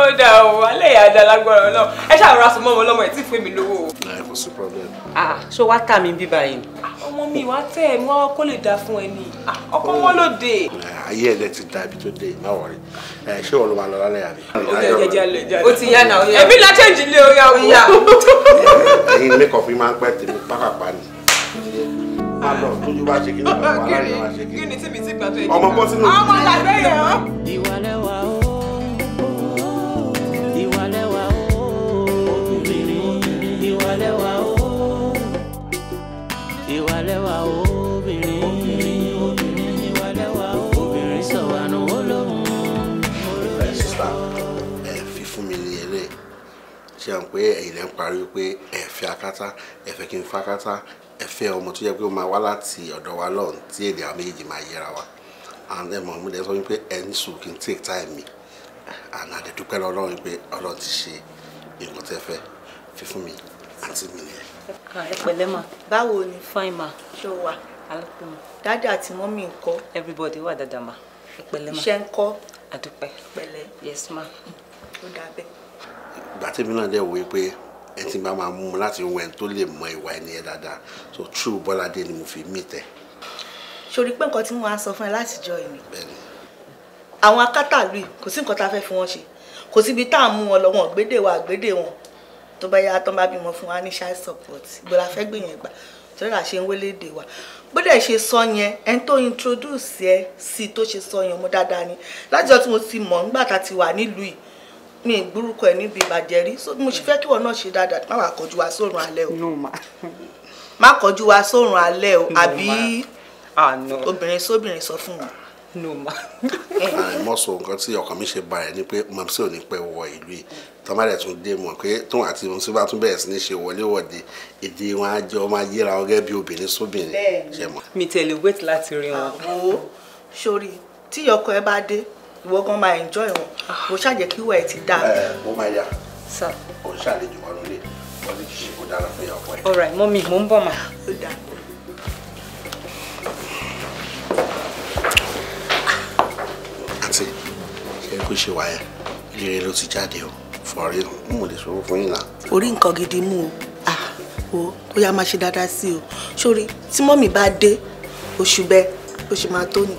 ó dà o alẹ́ ìyá dá lágbára ọlọ́run ẹ ṣàrọ̀ aṣọ mọ́ ọmọ ọlọ́mọ ẹ̀ tí fún mi lówó o. ẹ kò sí problem. Ah, ṣó wá tà mí bíbá yìí ọmọ mi wá tẹ̀ ẹ́ wọ́n kó lè dá fún ẹ ni ah, ọkọ wọn ló dé. ayé ẹ̀ ti da ibi tó dé máa wọ̀rí ẹ ṣé wọn ló máa lọ lálẹ́ àbí. ó yà jẹjẹ lè jẹ ó ti yá náà ó yà ẹbí láti ẹjì lé orí àwọn ìyá. ẹyin mẹ́kọ̀ọ́ fi máa ń pẹ́ tèmi pápápá ni àlọ́ tójú bá ṣe kí ni bàbá aláìní máa ṣe kí ni ọmọ bọ́sínú. ọmọ làgbẹ́yẹ̀ ọ́. pé ẹ̀yin lẹ́ ń parí pé ẹ fẹ́ akátá ẹ fẹ́ kí n fákátá ẹ fẹ́ ọmọ tó yẹ pé ó máa wá láti ọ̀dọ̀ wa lọ́hùn tí èdè àwọn méjèèjì máa yẹra wa and ẹ mọ̀ mi lẹ́ sọ wípé ẹ ń sùn kí n take time mi and àdẹ̀dúpẹ́ lọ́lọ́run pé ọlọ́run ti ṣe nǹkan tẹ́ fẹ́ fífún mi àti mi nìyẹn. ẹ pẹ̀lẹ́ ma báwo ni fine ma ṣó wà alákùnrin dáadáa àti mọ́mì ń kọ́. everybody wà dáadáa ma ẹ pẹ̀lẹ́ ma iṣẹ́ ń kọ́. àdúpẹ́ pẹ̀lẹ́ yes ma. ó dáa bẹ́ẹ̀ ìgbà tèmi náà dẹ̀ wòye pé ẹ ti bá máa mú un láti wẹ̀ tó lè mọ ìwà ẹni ẹ dáadáa so true bọ́ládé ni mo fi mí tẹ. sori pé nǹkan tí mo máa sọ fún ẹ láti jọ ìwé àwọn akátàlú kò sí nǹkan tá a fẹ́ fi wọ́n ṣe kò síbi tá à ń mú wọn lọ wọn gbédè wa gbédè wọn tó bá yá tán bá bímọ fún wa ní child support gbọ́dọ̀ fẹ́ gbìyànjú gbà torí là ṣe ń wélé dè wa bódà ṣe sọ yẹn ẹni tó introduce ẹ sí tó ṣe sọ yẹn ọmọ dáadáa ni lájọ tí mo ti mọ̀ nígbà tá a ti wà nílùú yìí mi ì gbúrúkọ ẹ níbi ìbàjẹ́ rí so mo ṣe fẹ́ kí wọn náà ṣe dáadáa má wàá kọjú wa sórun alẹ́ o má kọjú wa sórun alẹ́ o àbí ah, obìnrin sóbìnrin sọ fún wọn. Ah, mo sọ nǹkan tí ọkàn mi ṣe ba ẹ ni pé mọ̀mísí ò ní pẹ́ wọ ìlú yìí tọ́mọ́dé tún dé mọ̀ pé tóun àti mọ̀mísí bá tún bẹ̀rẹ̀ sí ní ṣe wọléwọ̀de èdè wọn á jẹ́ ọmọ ayéra ọgẹ́ bí obìnrin sóbìnrin ṣe mọ̀. mi tẹ̀lé wait láti rí wọn. àwo sórí tí ọkọ ẹ bá dé ìwọ gan máa enjoy wọn ah. mo ṣàjẹ́ kí ìwà ẹ̀ ti dáa. ẹ eh, mo máa yà kò ń ṣàlejò wọn lóde wọn ní kí ṣe kó dára fún ìyàwó All right, mommy, mo ń bọ̀ mà. ó dáa. àǹtí ṣe kó ṣe wáyà rere ló ti jáde o fọ̀rí n ò lè sọ̀rọ̀ fún yín náà. orí nǹkan gidi mú o ah, o ó yá máa ṣe dáadáa sí o sórí tí mọ́mì bá dé oṣù bẹ́ẹ̀ oṣù máa tó ni.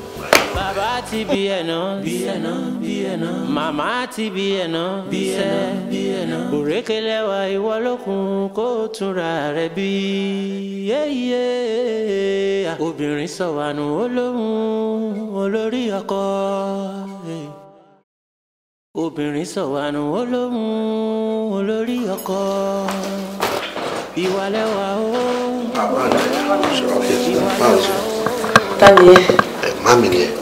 Baba ti bí ẹ̀nà bí ẹ̀nà bí ẹ̀nà. Màmá ti bí ẹ̀nà bí ẹ̀nà bí ẹ̀nà. Òrékelẹ̀ wa ìwọ lókun kó o túnra rẹ̀ bí. Obìnrin sọ̀wánù olóhùn olórí ọkọ. Obìnrin sọ̀wánù olóhùn olórí ọkọ. Ìwà lẹ́wà o. Bàbá rẹ̀ ṣọ̀rọ̀ kejì náà bá Ẹ̀ má mi ni ẹ̀.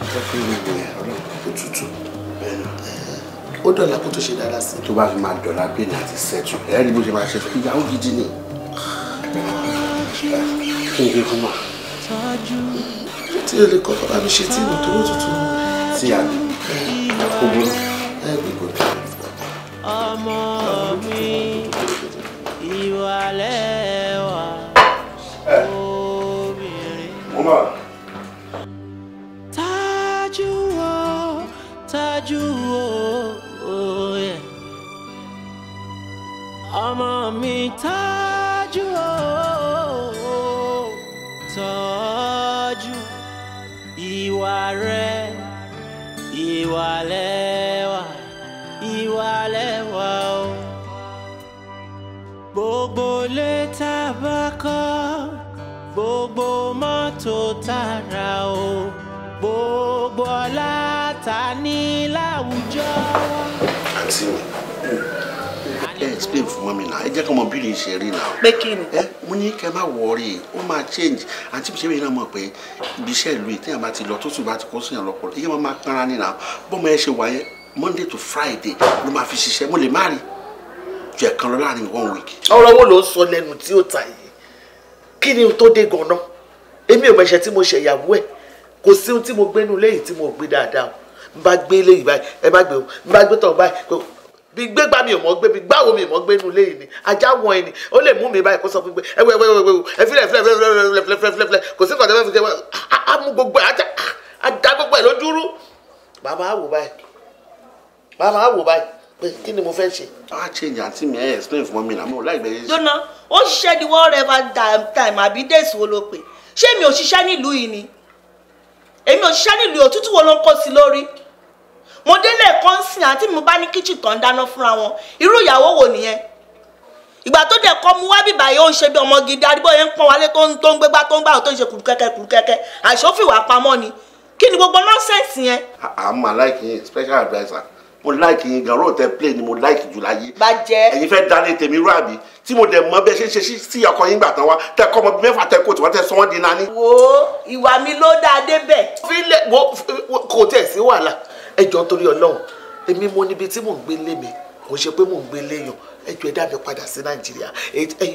jẹ́ kí gbogbo ó dọ̀la kó tó ṣe dára sí. tó bá fi máa dọ̀la bí ènìyàn ti ṣẹ́tù ẹ̀rọ ni bó ṣe máa ṣe ìyàwó gidi ni kí n gbé fún wa. tí o lè kọ́ bàbá mi ṣe tí mo tó tutù. tí a bí kó burú. ẹ gbogbo ọmọ mi ìwà ṣáájú òye ọmọ mi tájú tọ́jú ìwà rẹ ìwà lẹ́wà ìwà lẹ́wà o gbogbo lè tábà kọ́ gbogbo mọ́tò tààrà o gbogbo ọlá ta ní láwùjọ. àǹtí mi ẹ explain fún mọ́mí náà ẹ jẹ́ kí ọmọ bí lè ṣe rí náà. pé kí ni. ẹ mo ní kẹ má wọrí ó máa change àǹtí mi ṣe bẹ́ẹ̀ náà mọ̀ pé ibi iṣẹ́ ìlú yìí téèyàn bá ti lọ tó sùn bá ti kó sí yàn lọ́pọ̀ iye máa kanra nínà bọ́mọ ẹ ṣe wáyé monday to friday ló máa fi ṣiṣẹ́ mo lè má rí jẹ kan lọ láàrin one week. ọ̀rọ̀ wo ló ń sọ lẹ́nu tí ó ta yìí kí ni tó dé gan-an èmi ò mẹ̀ṣẹ̀ tí mo ṣẹ̀yàwó ẹ̀ kò sí ohun tí mo gbénu lẹ́yìn tí mo gbé dáadáa n bá gbé léyìí báyìí ẹ má gbé o n bá gbé tọ̀ báyìí bí gbégbá mi ò mọ̀ gbé bí gbáwo mi ò mọ̀ gbé nu léyìí ni ajá wọn ẹni ó lè mú mi báyìí kó sọ fún mi ẹ wẹ wẹ wẹ wẹ ẹ filẹ filẹ filẹ filẹ filẹ filẹ filẹ filẹ kò sí kọ̀ọ̀tẹ́ fẹ́ fi á mú gbogbo ẹ̀ á dá gbogbo ẹ̀ lójúrú bàbá á wò báyìí bàbá á wò báyìí pé kí ni mo fẹ́ ṣe. a ṣe ìjà tí mi ẹ explain fún mi làmú láì gbẹ́yé. dọ́nà ó ṣiṣẹ́ di whatever time àbí days wo ló pè ṣé mi ò ṣiṣẹ́ nílùú yìí ni èmi ò ṣiṣẹ́ nílùú òtútù wo ló ń kó sí lórí mo délé ẹ̀kọ́ ń sìn àǹtí mi bá ní kíchìn tó dáná fúnra wọn irú ìyàwó wo nìyẹn ìgbà tó dẹ̀ kọ́ mu wá bíbà yìí ṣe bí ọmọ gidi arúgbó yẹn ń pọ́n wálé tó ń tó ń gbégbá tó ń gbà tó ń ṣe kùrùkẹ́kẹ́ kùrùkẹ́kẹ́ àṣọ́fìwà pamọ́ ni kí ni gbogbo nọ́ọ̀sẹ̀sì yẹn. àmọ́ aláìkí special adviser mo like yín gan role tẹ play ni mo like jù láyé. bàjẹ́ ẹ̀yin fẹ́ dalé tèmi rú àbí tí mo dẹ̀ mọ bẹ́ẹ̀ ṣe ń ṣe sí ọkọ yín gbà tán wá tẹ kọ́ ọmọ mẹ́fà tẹ kó tiwọn tẹ sọ wọ́n di nani. wo ìwà mi ló dáa débẹ̀. fílẹ̀ wo kò tẹ̀ sí wàhálà ẹjọ́ torí Ọlọ́run èmi mo níbi tí mò ń gbé mi kò ṣe pé mò ń gbé léèyàn ẹ jọ̀ọ́ ẹ dá mi padà sí nàìjíríà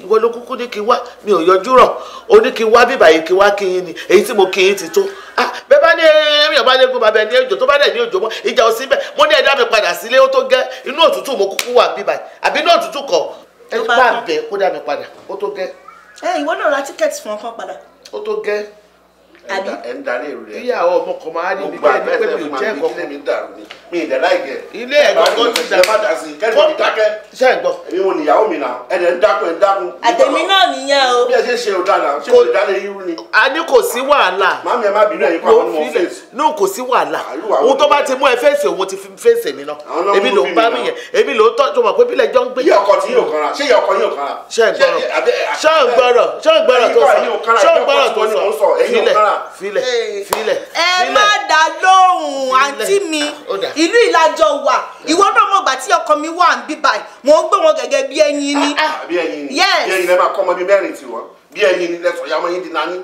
ìwọ ló kúkú ní kí n wá mi ò yọjú rọ̀ ó ní kí n wá bíbà yìí kí n wá kí n ni èyí tí mo kí n ti tó bẹ́ẹ̀ bá ní èmi ọba lẹ́gùn bàbá ẹni èjò tó bá dẹ̀ ní òjò mọ́ ìjà ò sí bẹ́ẹ̀ mo ní ẹ mi padà sílé ó tó gẹ́ inú òtútù mo kúkú wà bíbà àbí inú òtútù kọ ẹ bá bẹ̀ kó dá mi padà ó tó gẹ́. ẹ ìwọ náà ra tíkẹ́ẹ̀tì fún ọkàn padà. ó tó gẹ́ àbí ìyàwó ọmọ kan máa rí mi bẹ́ẹ̀ ni pé mi ò jẹ́ nǹkan kan. mi ìdẹ̀ láìkẹ́ ilé ẹ̀ gbọ́dọ̀ ti dà sí kẹ́lí mi dákẹ́ ṣe ń gbọ́. èmi wo níyàwó mi náà ẹ̀dẹ̀ ń dákun ẹ̀ ń dákun. àtẹ̀mí náà nìyẹn o. bí ẹ ṣe ṣe o dáná ṣé kò dáná irú ni. a ní kò sí wàhálà. màmí ẹ má bínú ẹ̀yin pa àwọn ọmọ fèsì. náà kò sí wàhálà òun tó bá ti mú ẹ fèsì òun ti fèsì mi náà èmi ló ń bá mi yẹn èmi ló ń tọ́jú mọ̀ pé bílẹ̀ jọ ń gbé. iye ọkọ tí yóò kanra ṣé iye ọkọ yóò kanra. ṣé ń gbọ́rọ̀ ṣé ń filẹ̀ filẹ̀. ẹ má dá lóhùn àǹtí mi ìlú ìlàjọ wà ìwọ náà mọ̀gbà tí ọkọ mi wà ń bíbà mò ń gbé wọn gẹ́gẹ́ bí ẹyin ni. bí ẹyin ni bí ẹyin lẹ́ẹ̀ máa kọ́ ọmọ bíi mẹ́rin tiwọn bí ẹyin ni lẹ́sọ̀ ya ọmọ yín di nání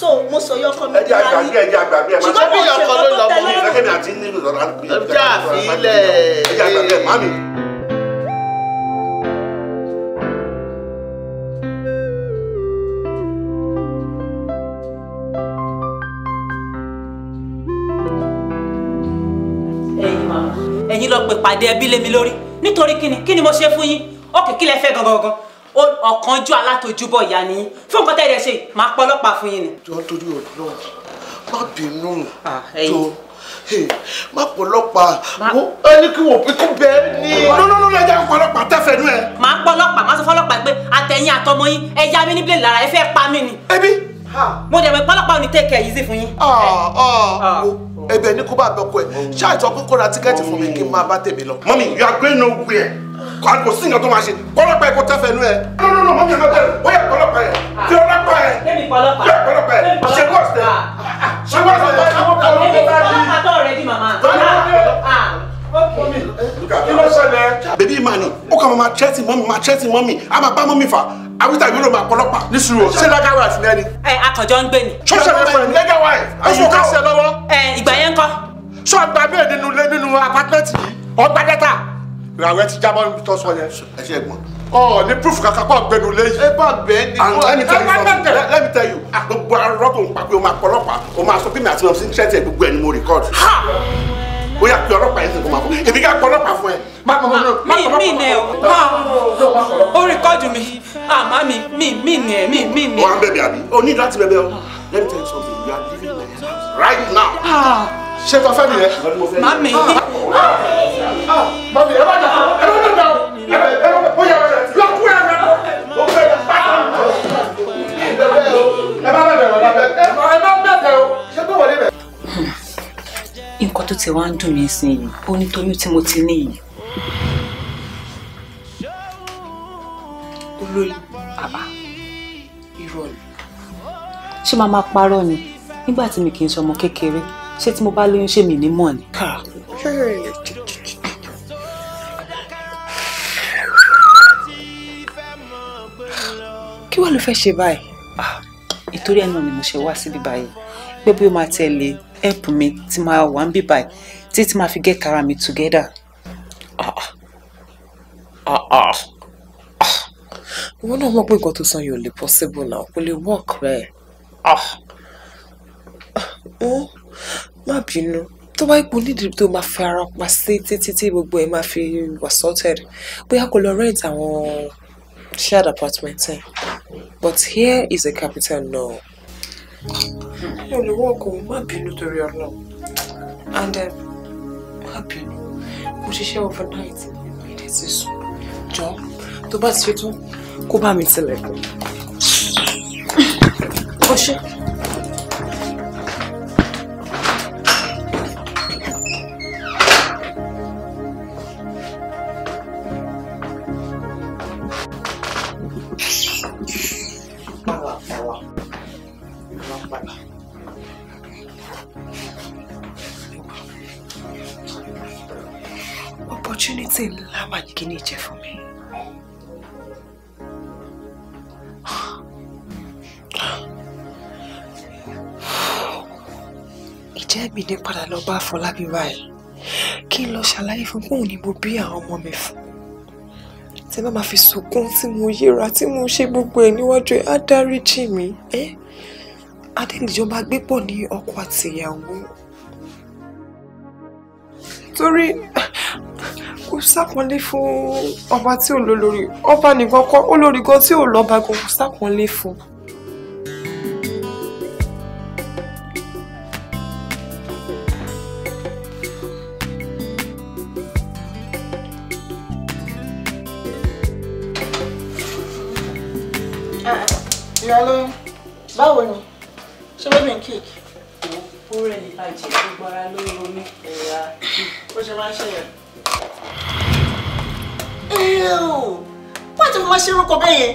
so mo sọ yọ ọkọ mi bí wá ní ẹjẹ àgbà bí ẹ máa ṣe bí ọkọ ló lọ mọ mi ìfẹkẹmi àti nílùú lọrọ àgbẹ àti nílùú lọrọ àgbẹ ìfẹkẹmi àti nílùú lọrọ àgbẹ ìfẹkẹmi àti nílùú ẹ̀yin lọ pè pàdé ẹbí lé mi lórí nítorí kíni kíni mo ṣe fún yín ókè kí lẹ fẹ́ gangan gangan ọ̀kánjú alátojúbọ̀ ìyá ni yín fún nǹkan tẹ́lẹ̀ ṣe máa pọ́ ọlọ́pàá fún yín ni. jọ torí ọ̀dọ́ má bínú jọ má pọ̀ ọlọ́pàá ó ní kí wò pé kó bẹ́ẹ̀ ni. lọ́lọ́lọ́ lọ jẹ́ àpọ̀ ọlọ́pàá tẹ́fẹ̀ẹ́ nú ẹ. máa pọ̀ ọlọ́pàá má sọ fún ọlọ́pàá pé àtẹ̀yìn àtọmọ yín ẹ yá mi níbílẹ̀ lára ẹ fẹ́ pa mí ni. ẹbí. mo dẹ̀ mọ̀ pé ọlọ́pàá ò ní tẹ̀kẹ̀ yìí sí fún yín. Ah, ẹ̀bẹ̀ ní kó bá bẹ ọkọ ẹ ṣáà ìtọ́ kókó ra tíkẹ́ẹ̀tì fún mi kí n máa bá tèmi lọ. mọ́mí you are going nowhere kò sí nǹkan tó máa ṣe kọ́lọ́pàá ẹ̀ kó tẹ́ fẹ́nu ẹ̀. no no no mọ́mí ẹ̀ máa bẹ̀rẹ̀ ó yẹ kọ́lọ́pàá ẹ̀ fi ọlọ́pàá ẹ̀ fi ọlọ́pàá ẹ̀ ṣe wọ́ọ̀sì ẹ̀ ṣe wọ́ọ̀sì ẹ̀ ṣe wọ́ọ̀sì ẹ̀ bébí mani ó kàn máa tẹ́tì mọ́mí máa tẹ́tì mọ́mí á máa bá mọ́mí fà awúta ìwé ló máa pọlọ́pàá ní sùúrù ṣé legal wife náà ni. ẹ akànjọ ń gbé ni. ṣọ́ọ̀ṣì ẹ̀rọ ẹ̀ legal wife aṣọ ká ṣe lọ́wọ́. ẹ ìgbà yẹn ń kọ́. sọ àgbà bẹ́ẹ̀ nínú ilé nínú apátímẹ́ǹtì yìí ọgbà dẹ́ta ìràwẹ̀ ti jábọ́ níbi tó sọ yẹn. ẹ ṣe ẹ̀gbọ́n. ọ ní proof kankan pọ̀ gbẹnu léyìí. ẹ bá bẹ́ẹ̀ ni. and let me tell you something let me tell you ah. gbogbo arọ́pò ń pa pé o máa pọlọ́pàá o máa sọ bí mi àti wọn ti ń record. ha ó yà pé ọlọ́pàá yẹn sì fún ma fún èmi ká pọ ọlọ́pàá fún ẹ. mi mi nẹ o ó rìkọ́dù mi àmá ah, mi mi mi nẹ mi mi nẹ. wọn á bẹ̀bẹ̀ àbí o ní láti bẹ̀bẹ̀ o let me tell you something you are living my house right now. ṣé tó fẹ́ mi rẹ. mami. Ah, mami ẹ bá jà fún mi. nǹkan tó ti wá ń dùn mí sìn yìí ó ní toyún tí mo ti ní yìí. olórí bàbá irọ́ ni ṣé máa máa parọ́ ni nígbà tí mi kì í ṣọmọ kékeré ṣé tí mo bá lóyún ṣé mi ní mọ̀ ni. kí wàá ló fẹ́ ṣe báyìí. Ah, ìtorí ẹ̀ náà mo ṣe wá síbí báyìí pé bí ó máa tẹ̀lé e help me, tí máa wà ń bí báyìí tí tí máa fi get ara mi together. wọ́n náà mọ̀ pé nǹkan tó san yóò lè possible náà kò lè work Ah. Oh. má bínú tó bá ipò nídìí tó máa fi ara pa sí títí tí gbogbo ẹ̀ máa fi wà sorted bóyá kò lọ rent àwọn shared apartment ẹ̀ but here is a capital no mi ò lè wọ́ọ̀kù má bínú torí ọ̀nà and um, má bínú mo ṣiṣẹ́ overnight mi lè This sùn jọ tó bá ti fi tún kó bá mi tilẹ̀kùn. lọ bá Fọlábí kí n lọ ṣàlàyé fún bóun ni mo bí àwọn ọmọ mi fún tí bá máa fi sunkún tí mo yẹra tí mo ṣe gbogbo ẹ̀ níwájú ẹ̀ á dáríjì mí ẹ́ adéǹdìjọba gbé pọ̀ ní ọkọ àtìyàwó torí kò sápọ́nlé fún ọba tí ò lólórí ọba nìkan kọ́ olórí gan tí ò lọ́ba gan kò sápọ́nlé fún un. báwo ni ṣé bébì ń kéèkì. ó rẹ̀ ní bàjẹ́ gbogbo ara ló ń ẹ̀yà ó ṣe máa ń ṣẹ̀yà. wọ́n ti máa ṣe irúkọ bẹ́ẹ̀ yẹn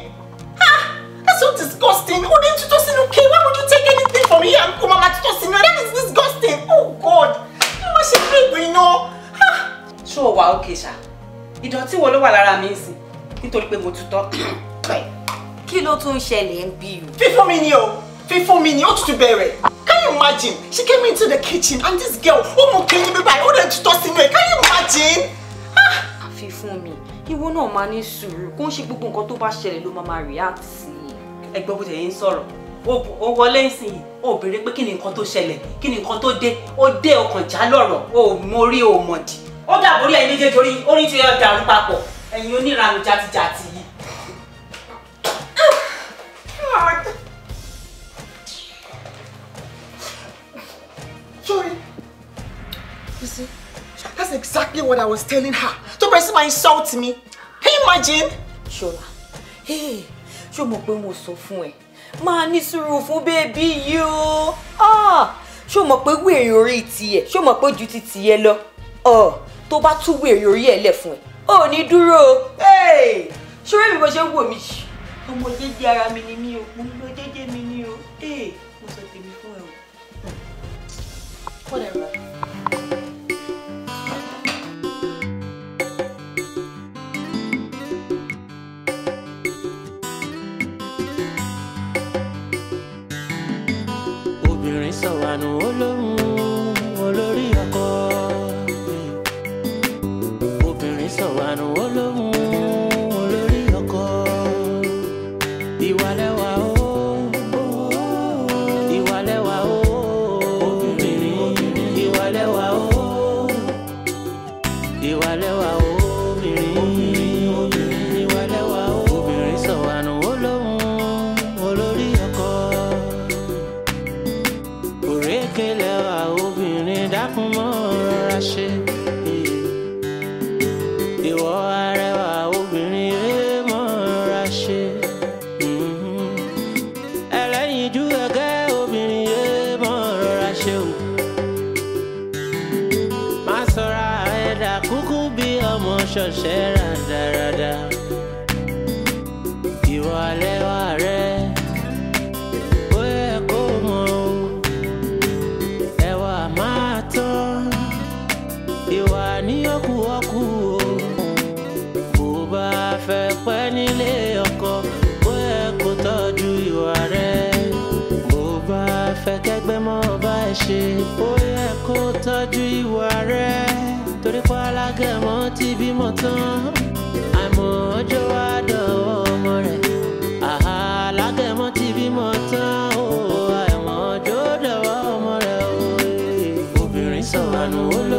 that's so disgusting ó ní tútọ́ sínú ké why would you take anything from here and kó máa tútọ́ sínú that is disgusting oh god ẹ má ṣe fún ìgbìn náà. ṣé o wà ókè ṣá ìdọ̀tí wo ló wà lára mi ń sìn nítorí pé mo tutọ́. kí ló tún ṣẹlẹ̀ ń bí o. fífún mi ni o fífún mi ni o tutù bẹ̀rẹ̀ can you imagine she came into the kitchen and this girl ó mú kiri bíbá ó dẹ̀ tutọ́ sínú ẹ̀ can you imagine. àfi ah! fún mi ìwọ náà máa ní sùúrù kó ń ṣe gbogbo nǹkan tó bá ṣẹlẹ̀ ló máa máa react sí i. ẹgbẹ́ bó ṣe yín sọ̀rọ̀ ó wọlé ìsìn ó béèrè pé kí ni nǹkan tó ṣẹlẹ̀ kí ni nǹkan tó dé ó dé ọkàn já lọ̀rọ̀ ó mórí ó mọ̀dì. ó dàbórí ẹ̀yin méjèèjì orí orí ti dàrú papọ̀ ẹ̀yin oníranú jatijati. exactly what I was telling her. To person might insult me. Can you imagine? Shola, hey, ṣó mọ̀ pé mo sọ fún ẹ. Máa ní sùúrù fún baby you. Ah, ṣó mọ̀ pé wèrè orí tiẹ̀. Ṣó mọ̀ pé ju ti tiẹ̀ lọ. Oh, tó bá tún wèrè orí ẹ lẹ̀ fún ẹ. Ò ní dúró. Hey, ṣọ̀rẹ́ mi bó ṣe wò mí. Ọmọ dédé ara mi ni mí o. Mo ń lo dédé mi ni o. Hey, mo sọ tèmi fún ẹ o. Hmm. Whatever. sọ̀wánú olóhùn olórí ọkọ obìnrin sọ̀wánú olóhùn. bímọ tán àìmọ̀ ọjọ́ wa dọ̀wọ́ ọmọ rẹ̀ àhà alágẹ̀mọ́ ti bímọ tán o àìmọ̀ ọjọ́ dọ̀wọ́ ọmọ rẹ̀ o obìnrin sọ̀rọ̀ nù ó lọ.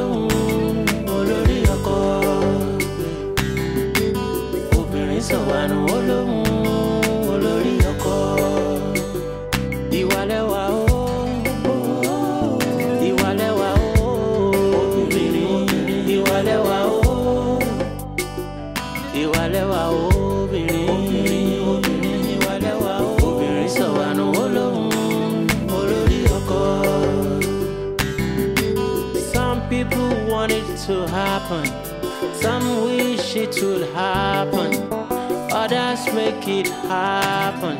it will happen. Others make it happen.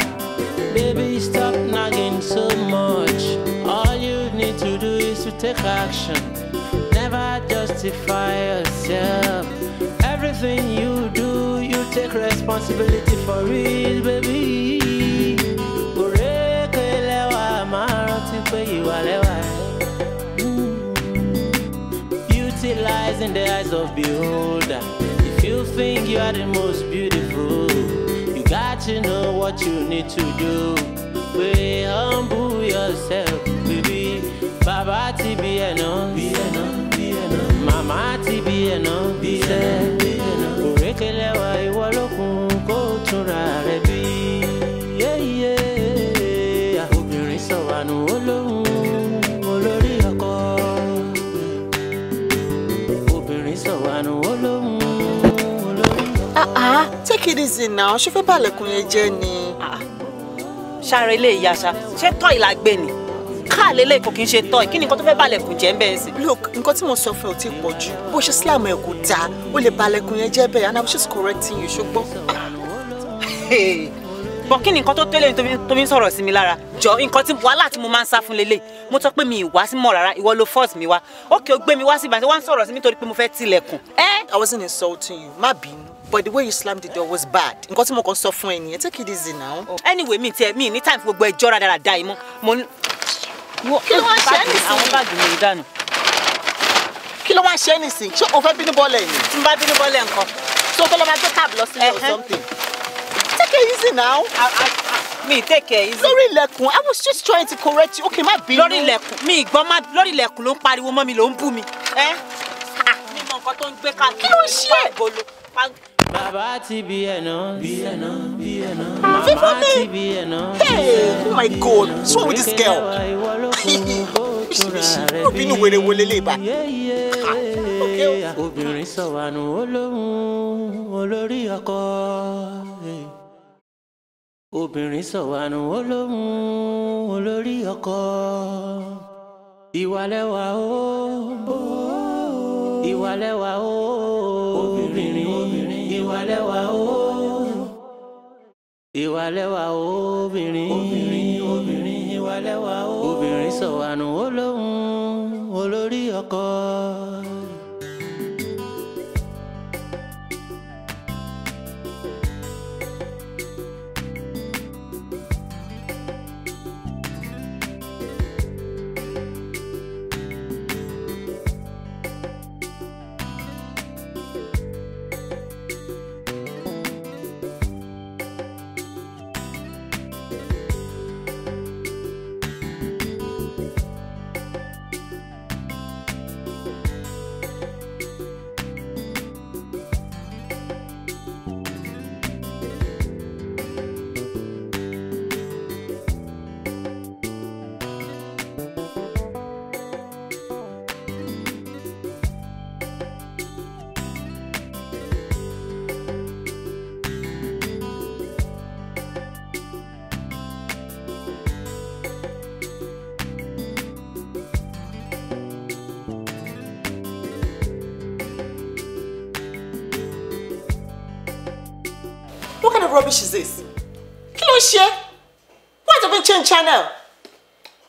Baby, stop nagging so much. All you need to do is to take action. Never justify yourself. Everything you do, you take responsibility for it, baby. Beauty lies in the eyes of beholder think you are the most beautiful. You got to know what you need to do. We humble yourself, baby. Baba ti Mama ti be take it ṣé fẹ́ balẹ̀kùn yẹn jẹ́ ni. Ah, ṣáàrẹ̀ ilé ìyá ṣá ṣé tọ́ ìlà gbé ni káàlé lè kò kí n ṣe tọ́ ẹ̀ kí ni nǹkan tó fẹ́ balẹ̀kùn jẹ́ ń bẹ́ẹ̀ sí. look nǹkan tí mo sọ fún ẹ ò tí ì pọ̀ jù bó ṣe slam ẹ̀ kò dáa ó lè balẹ̀kùn yẹn jẹ́ bẹ́ẹ̀ and i just correcting you ṣùgbọ́n. bọ̀ kí ni nǹkan tó tẹ́lẹ̀ tó fi ń sọ̀rọ̀ sí mi lára jọ nǹkan tí wàhálà tí mo máa ń sá fún lélẹ̀ mo tọ́ pé mi ìwá sí mọ̀ rárá ìwọ ló force mi wá ókè ó gbé mi wá sí ìbànújẹ́ wá ń sọ̀rọ̀ sí mi torí pé mo fẹ́ tilẹ̀kùn. ẹ eh? i wasn't insulting you má bínú but the way you slammed the door was bad nǹkan tí mo kàn sọ fún ẹ nìyẹn take it easy now. anyway mi tiẹ̀ mi ní time fún gbogbo ẹjọ́ rárá da yìí mọ́ mo kí ló wá ṣe é nìsín àwọn báàgì mi dànù. kí ló wá ṣe é nìsín ṣé o fẹ́ bínú bọ́ọ̀lù ẹ̀yìn. tí n bá bínú bọ́ọ̀lù ẹ̀ so tó lọ máa gbé cab lọ sílẹ̀ or something. take it easy now. I, I, mi take it easy. lórí ilẹ̀kùn i was just trying to correct you okay má bínú. lórí ilẹ̀kùn mi ìgbọ́n má lórí ilẹ̀kùn ló ń pariwo mọ́ mi ló ń bú mi. Ah, mi mọ nǹkan tó ń gbé ká kí ló ń ṣe é. Baba TBN, BN, BN. Mama TBN. Hey, oh my God, what's with this girl? Obìnrin wèrè wo lélẹ̀ Obìnrin sọ̀wánú olóhùn olórí ọkọ. Obìnrin sọ̀wánú olóhùn olórí ọkọ. Ìwàlẹ́wà o, ìwàlẹ́wà o. ìwàlẹ́wà obìnrin obìnrin obìnrin ìwàlẹ́wà obìnrin sọ̀wánù olówó.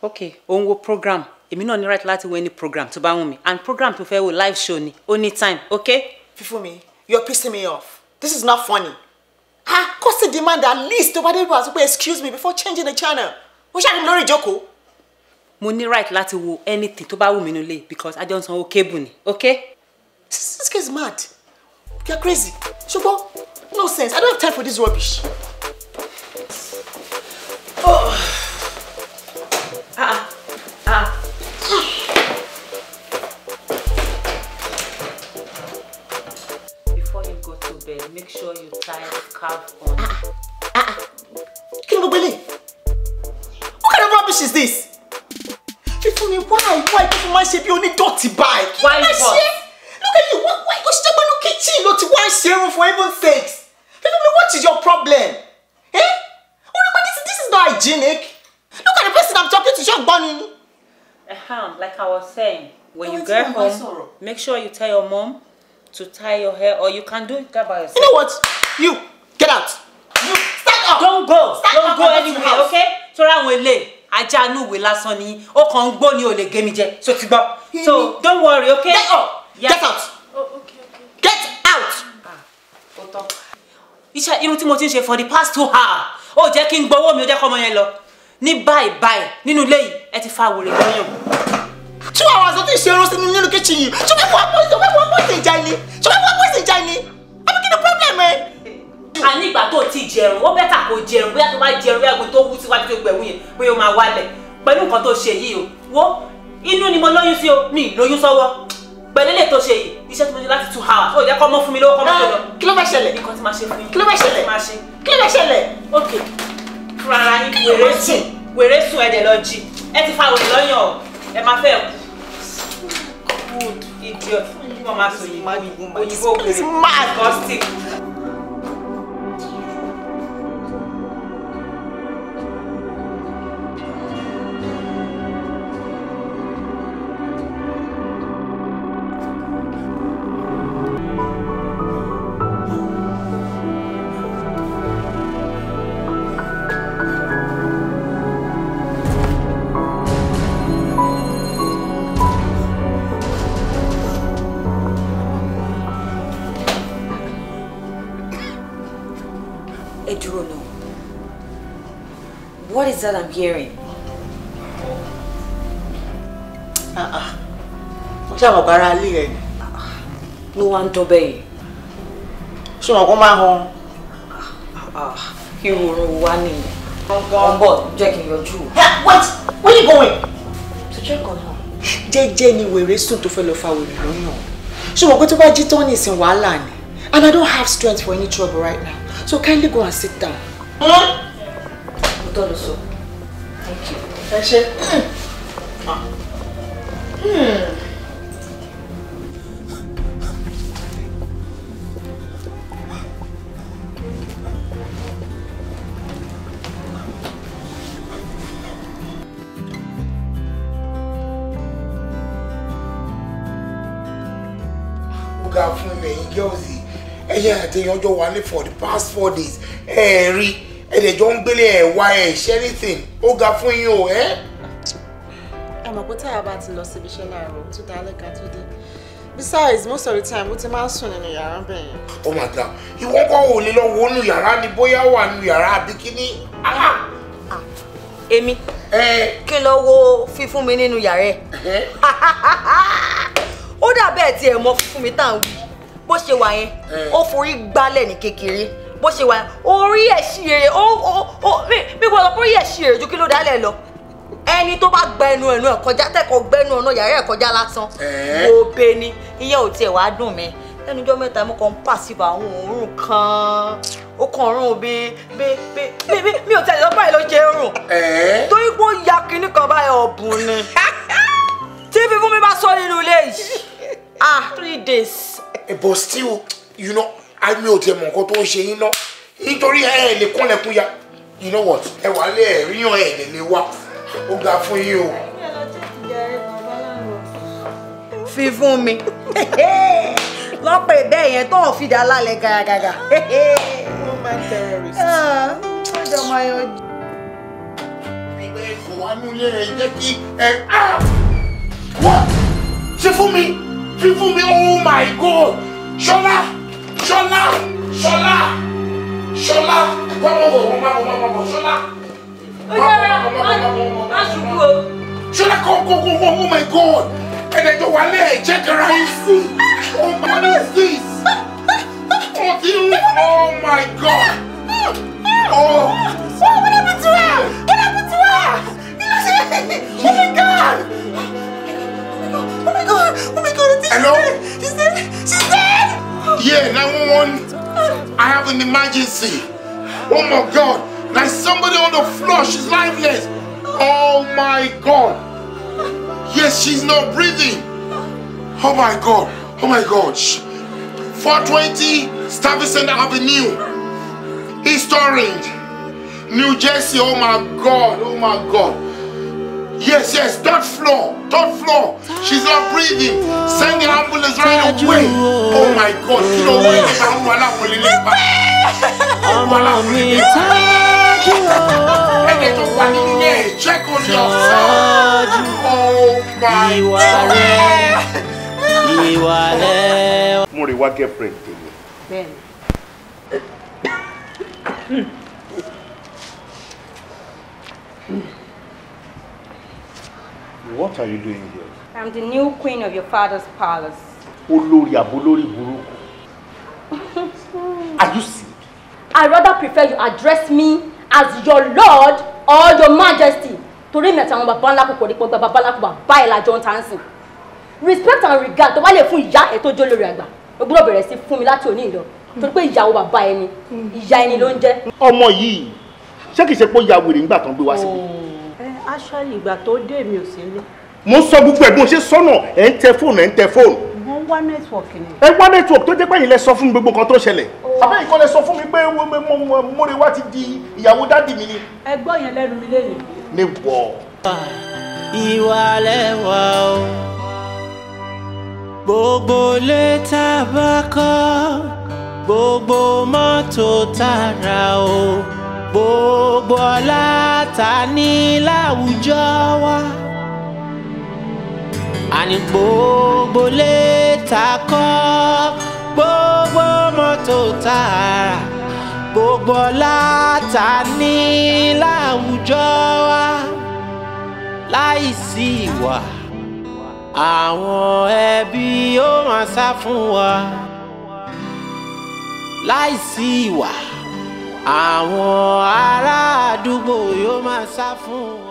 Okay, òun wo program èmi náà ní right láti wo any program tó bá wù mí and program tó fẹ́ wo live show ni ó ní time ok. Fifúnmi you are pissing me off this is not funny ah kò sí demand at least tó bá dé wá sọ pé excuse me before changing the channel mo ṣáà lórí ìjókòó. mo ní right láti wo anything tó bá wù mí nílé because ajọ́ ń sanwó cable ni ok. this case mad you are crazy ṣùgbọ́n no sense i don't have time for this rubbish. sure you tie the scarf on. Ah, ah, ah, kí ni gbogbo What kind of rubbish is this? Fífúnmi, why? Why Fífúnmi máa ń ṣe only dirty bike. Why what? Look at you, why? Why? O ṣiṣẹ́ the kitchen Not ti serum for heaven's sake. Fífúnmi, what is your problem? Eh? Olùkọ́ this, this is not hygienic. Look at the person I'm talking to, ṣọ́gbọ́n ni. Like I was saying, when no, you get home, make sure you tell your mom to tie your hair or you can do it by yourself. You know what? You get out. You stand up. Don't go. Stand Don't up go anywhere, okay? Tora àwọn ele ajanu we lásán ni o kàn ń gbó ni o lè gé mi so ti so don't worry okay get up yeah. get out oh, okay, okay. get out. Ah, ó tán iṣẹ́ irun tí mo ti ń for the past two hours Oh, jẹ́ kí n gbowó mi ó jẹ́ kọ́ Ni yẹn lọ ní báyìí báyìí nínú two hours ló ti ṣe irun sínú nínú kitchen yìí ṣùgbọ́n ìwọ àpò ìṣòwò ìwọ àpò ìṣèjà ni ṣùgbọ́n ìwọ àpò in ni àbí kí ni problem ẹ. Eh? a ní ìgbà tó ti jẹun ó bẹ́tà kó jẹun bóyá tó bá jẹun bóyá gbọ́n tó wú síwájú to gbẹ̀wù yẹn bóyá ó máa wálẹ̀ pẹ̀lú nǹkan tó ṣe yìí o wo inú ni mo lóyún sí o mi lóyún sọ́wọ́ pẹ̀lú you tó ṣe yìí to tó ṣe láti two hours ó jẹ́ kọ́ mọ́ fún mi lówó kọ́ mọ́ tó lọ. kí ló bá ṣẹlẹ̀ nǹkan tí máa ṣe fún yín kí ló bá ṣẹlẹ̀ kí ló bá ṣẹlẹ̀ ok fúnra ara yín wèrè sùn wèrè sùn ẹ̀dẹ̀ lọ jí ẹ ti fa wèrè lọ́yàn o ẹ máa fẹ́ kú good idiot. Mama sọ yìí òyìnbó gbèrè. Smart. Disgusting. is that I'm hearing? Ah, mo ṣàmọ̀ bára No one to wá So dọ́bẹ̀ yìí. Ṣé wọn kò máa han? warning. Ah, ah, oorun wa nìyẹn. Wọ́n bọ̀ jẹ́ kí n yọjú. Wait, where you going? To check on her. Jẹ́jẹ́ ni wèrè sùn tó fẹ́ lọ fa wèrè lọ́nà. Ṣé wọn kó tó bá jí tán ní And I don't have strength for any trouble right now. So kindly go and sit down. Hmm? ẹ ṣe. ga fún mi ẹ̀yin girls yìí ẹ̀yin àtẹ̀yìn ọjọ́ wa ní for the past four days Hey. Eh, ẹ̀dẹ̀jọ́ ń gbélé ẹ̀ wá ẹ̀ ṣẹ́rìtìn ó ga fún yín o ẹ́. àmọ́ pé táyà bá ti lọ síbi iṣẹ́ láàárọ̀ tó dá lẹ́ka tó dé besides most of the time mo ti máa ń sùn nínú yàrá bẹ́ẹ̀. ó mà dá ìwọ kọ́ ò lè lọ wo inú yàrá ni bóyá wà nínú yàrá àbí kíní. Ah! Ah, èmi kí n lọ wo fífún mi nínú yàrá ẹ ó dà bẹ́ẹ̀ tiẹ̀ mọ fífún mi tá à ń wí bó ṣe wà yẹn ó forí gbálẹ̀ ní kékeré bó ṣe wà orí ẹ̀ ṣiyèrè ó ó ó mi gbọ́dọ̀ lọ orí ẹ̀ ṣiyèrè ju kí ló dálẹ̀ lọ ẹni tó bá gba ẹnu ẹnu ẹ̀ kọjá tẹ̀kọ̀ gbẹnu ọ̀nà yàrá ẹ̀ kọjá lásán òbe ni ìyẹn ò tiẹ̀ wàá dùn mí lẹ́nu ọjọ́ mẹ́ta mo kàn ń pàṣípà àwọn òórùn kan ó kàn rún bí bí bí bí mi ò tẹ̀lé lọ́pàá yìí ló ṣe rùn torí pé ó ya kinní kan báyìí ọ̀bùn ni tí fífún mi bá sọ nínú ilé yìí ah three days. but still you know àmì ò tiẹ̀ mọ̀ nǹkan tó ń ṣe yín náà nítorí ẹ ẹ lè kúnlẹ̀kún ya you know what ẹ wà lé ẹ ríyàn ẹ lè lè wá ó ga fún yín o. fi fún mi lọ́pẹ̀ bẹ́ẹ̀ yẹn tó ń fìdá lálẹ́ gàràgàrà. woman terrorist. ọjọ́ máa ah, yọjú. ẹgbẹ́ kò wá nílé ẹ jẹ́ kí ẹ á wá ṣe fún mi fi fún mi oh my god ṣọlá. Shola, Shola, Ṣọlá wọ́pọ̀wọ̀ wọ́pọ̀wọ̀ Ṣọlá. Oyára má ṣubú o. Ṣọlá kọ́ kọ́ kọ́ kọ́ oh my God And tó wà lẹ́ ẹ̀jẹ̀ kẹra yín sí oh my God oh ti ń oh my God oh. What happened to her? What happened to her? oh my God oh my God oh my God oh my God Hello? there it's there she's there. Yeah, 911. I have an emergency. Oh my God. Like somebody on the floor. She's lifeless. Oh my God. Yes, she's not breathing. Oh my God. Oh my God. 420 Stuyvesant Avenue. East Orange. New Jersey. Oh my God. Oh my God. Yes, yes, third floor, third floor. She's not breathing. Send the ambulance right away. Oh my God, you know what? I'm wala for Lily. I'm wala for Lily. And they don't want in there. Check on yourself. Oh my God. Mo rí wá girlfriend tèmi. Bẹ́ẹ̀ni. Hmm. What are you doing here? I'm the new queen of your father's palace. Olórí àbólórí buruku. Are you sick? I rather prefer you address me as your lord or your majesty. Torí mi àti àwọn bàbá ńlá kòkòrò pọ̀ gba bàbá ńlá kò bàbá ẹ̀ lájọ ń tàn sìn. Respect and regard tó bá lè fún ìyá ẹ̀ tó jó lórí àgbà. O gbọ́dọ̀ bẹ̀rẹ̀ sí fún mi láti òní ìlọ. Torí pé ìyàwó bàbá ẹni, ìyá ẹni ló ń jẹ́. Ọmọ yìí, ṣé kìí ṣe pé ó ya wèrè nígbà tó ń gbé wá síbí? Oh actually ìgbà tó dé mi ò sí ilé. mo sọ gbogbo ẹ̀ bí mo ṣe sọ́nà ẹ̀ ń tẹ fóònù ẹ̀ ń tẹ fóònù. mo ń wá network ni. ẹ wá network tó jẹ́ pé yìí lẹ sọ fún mi gbogbo nǹkan tó ṣẹlẹ̀. abẹ́ oh. ìkọ́ lẹ sọ fún mi pé Mórèwá ti di ìyàwó dádì mi ni. ẹ gbọ́ yẹn lẹ́nu mi lẹ́nu. ní wọ. ìwà lẹ́wà o gbogbo lè tá bá kọ́ gbogbo mọ́tò tá a ra o gbogbo ọlá ta ní láwùjọ wa àní gbogbo lè ta kọ́ gbogbo mọ́tò ta rà gbogbo ọlá ta ní láwùjọ wa láìsí ìwà àwọn ẹbí ó máa sá fún wa láìsí ìwà àwọn ará àdúgbò yóò máa sá fún un.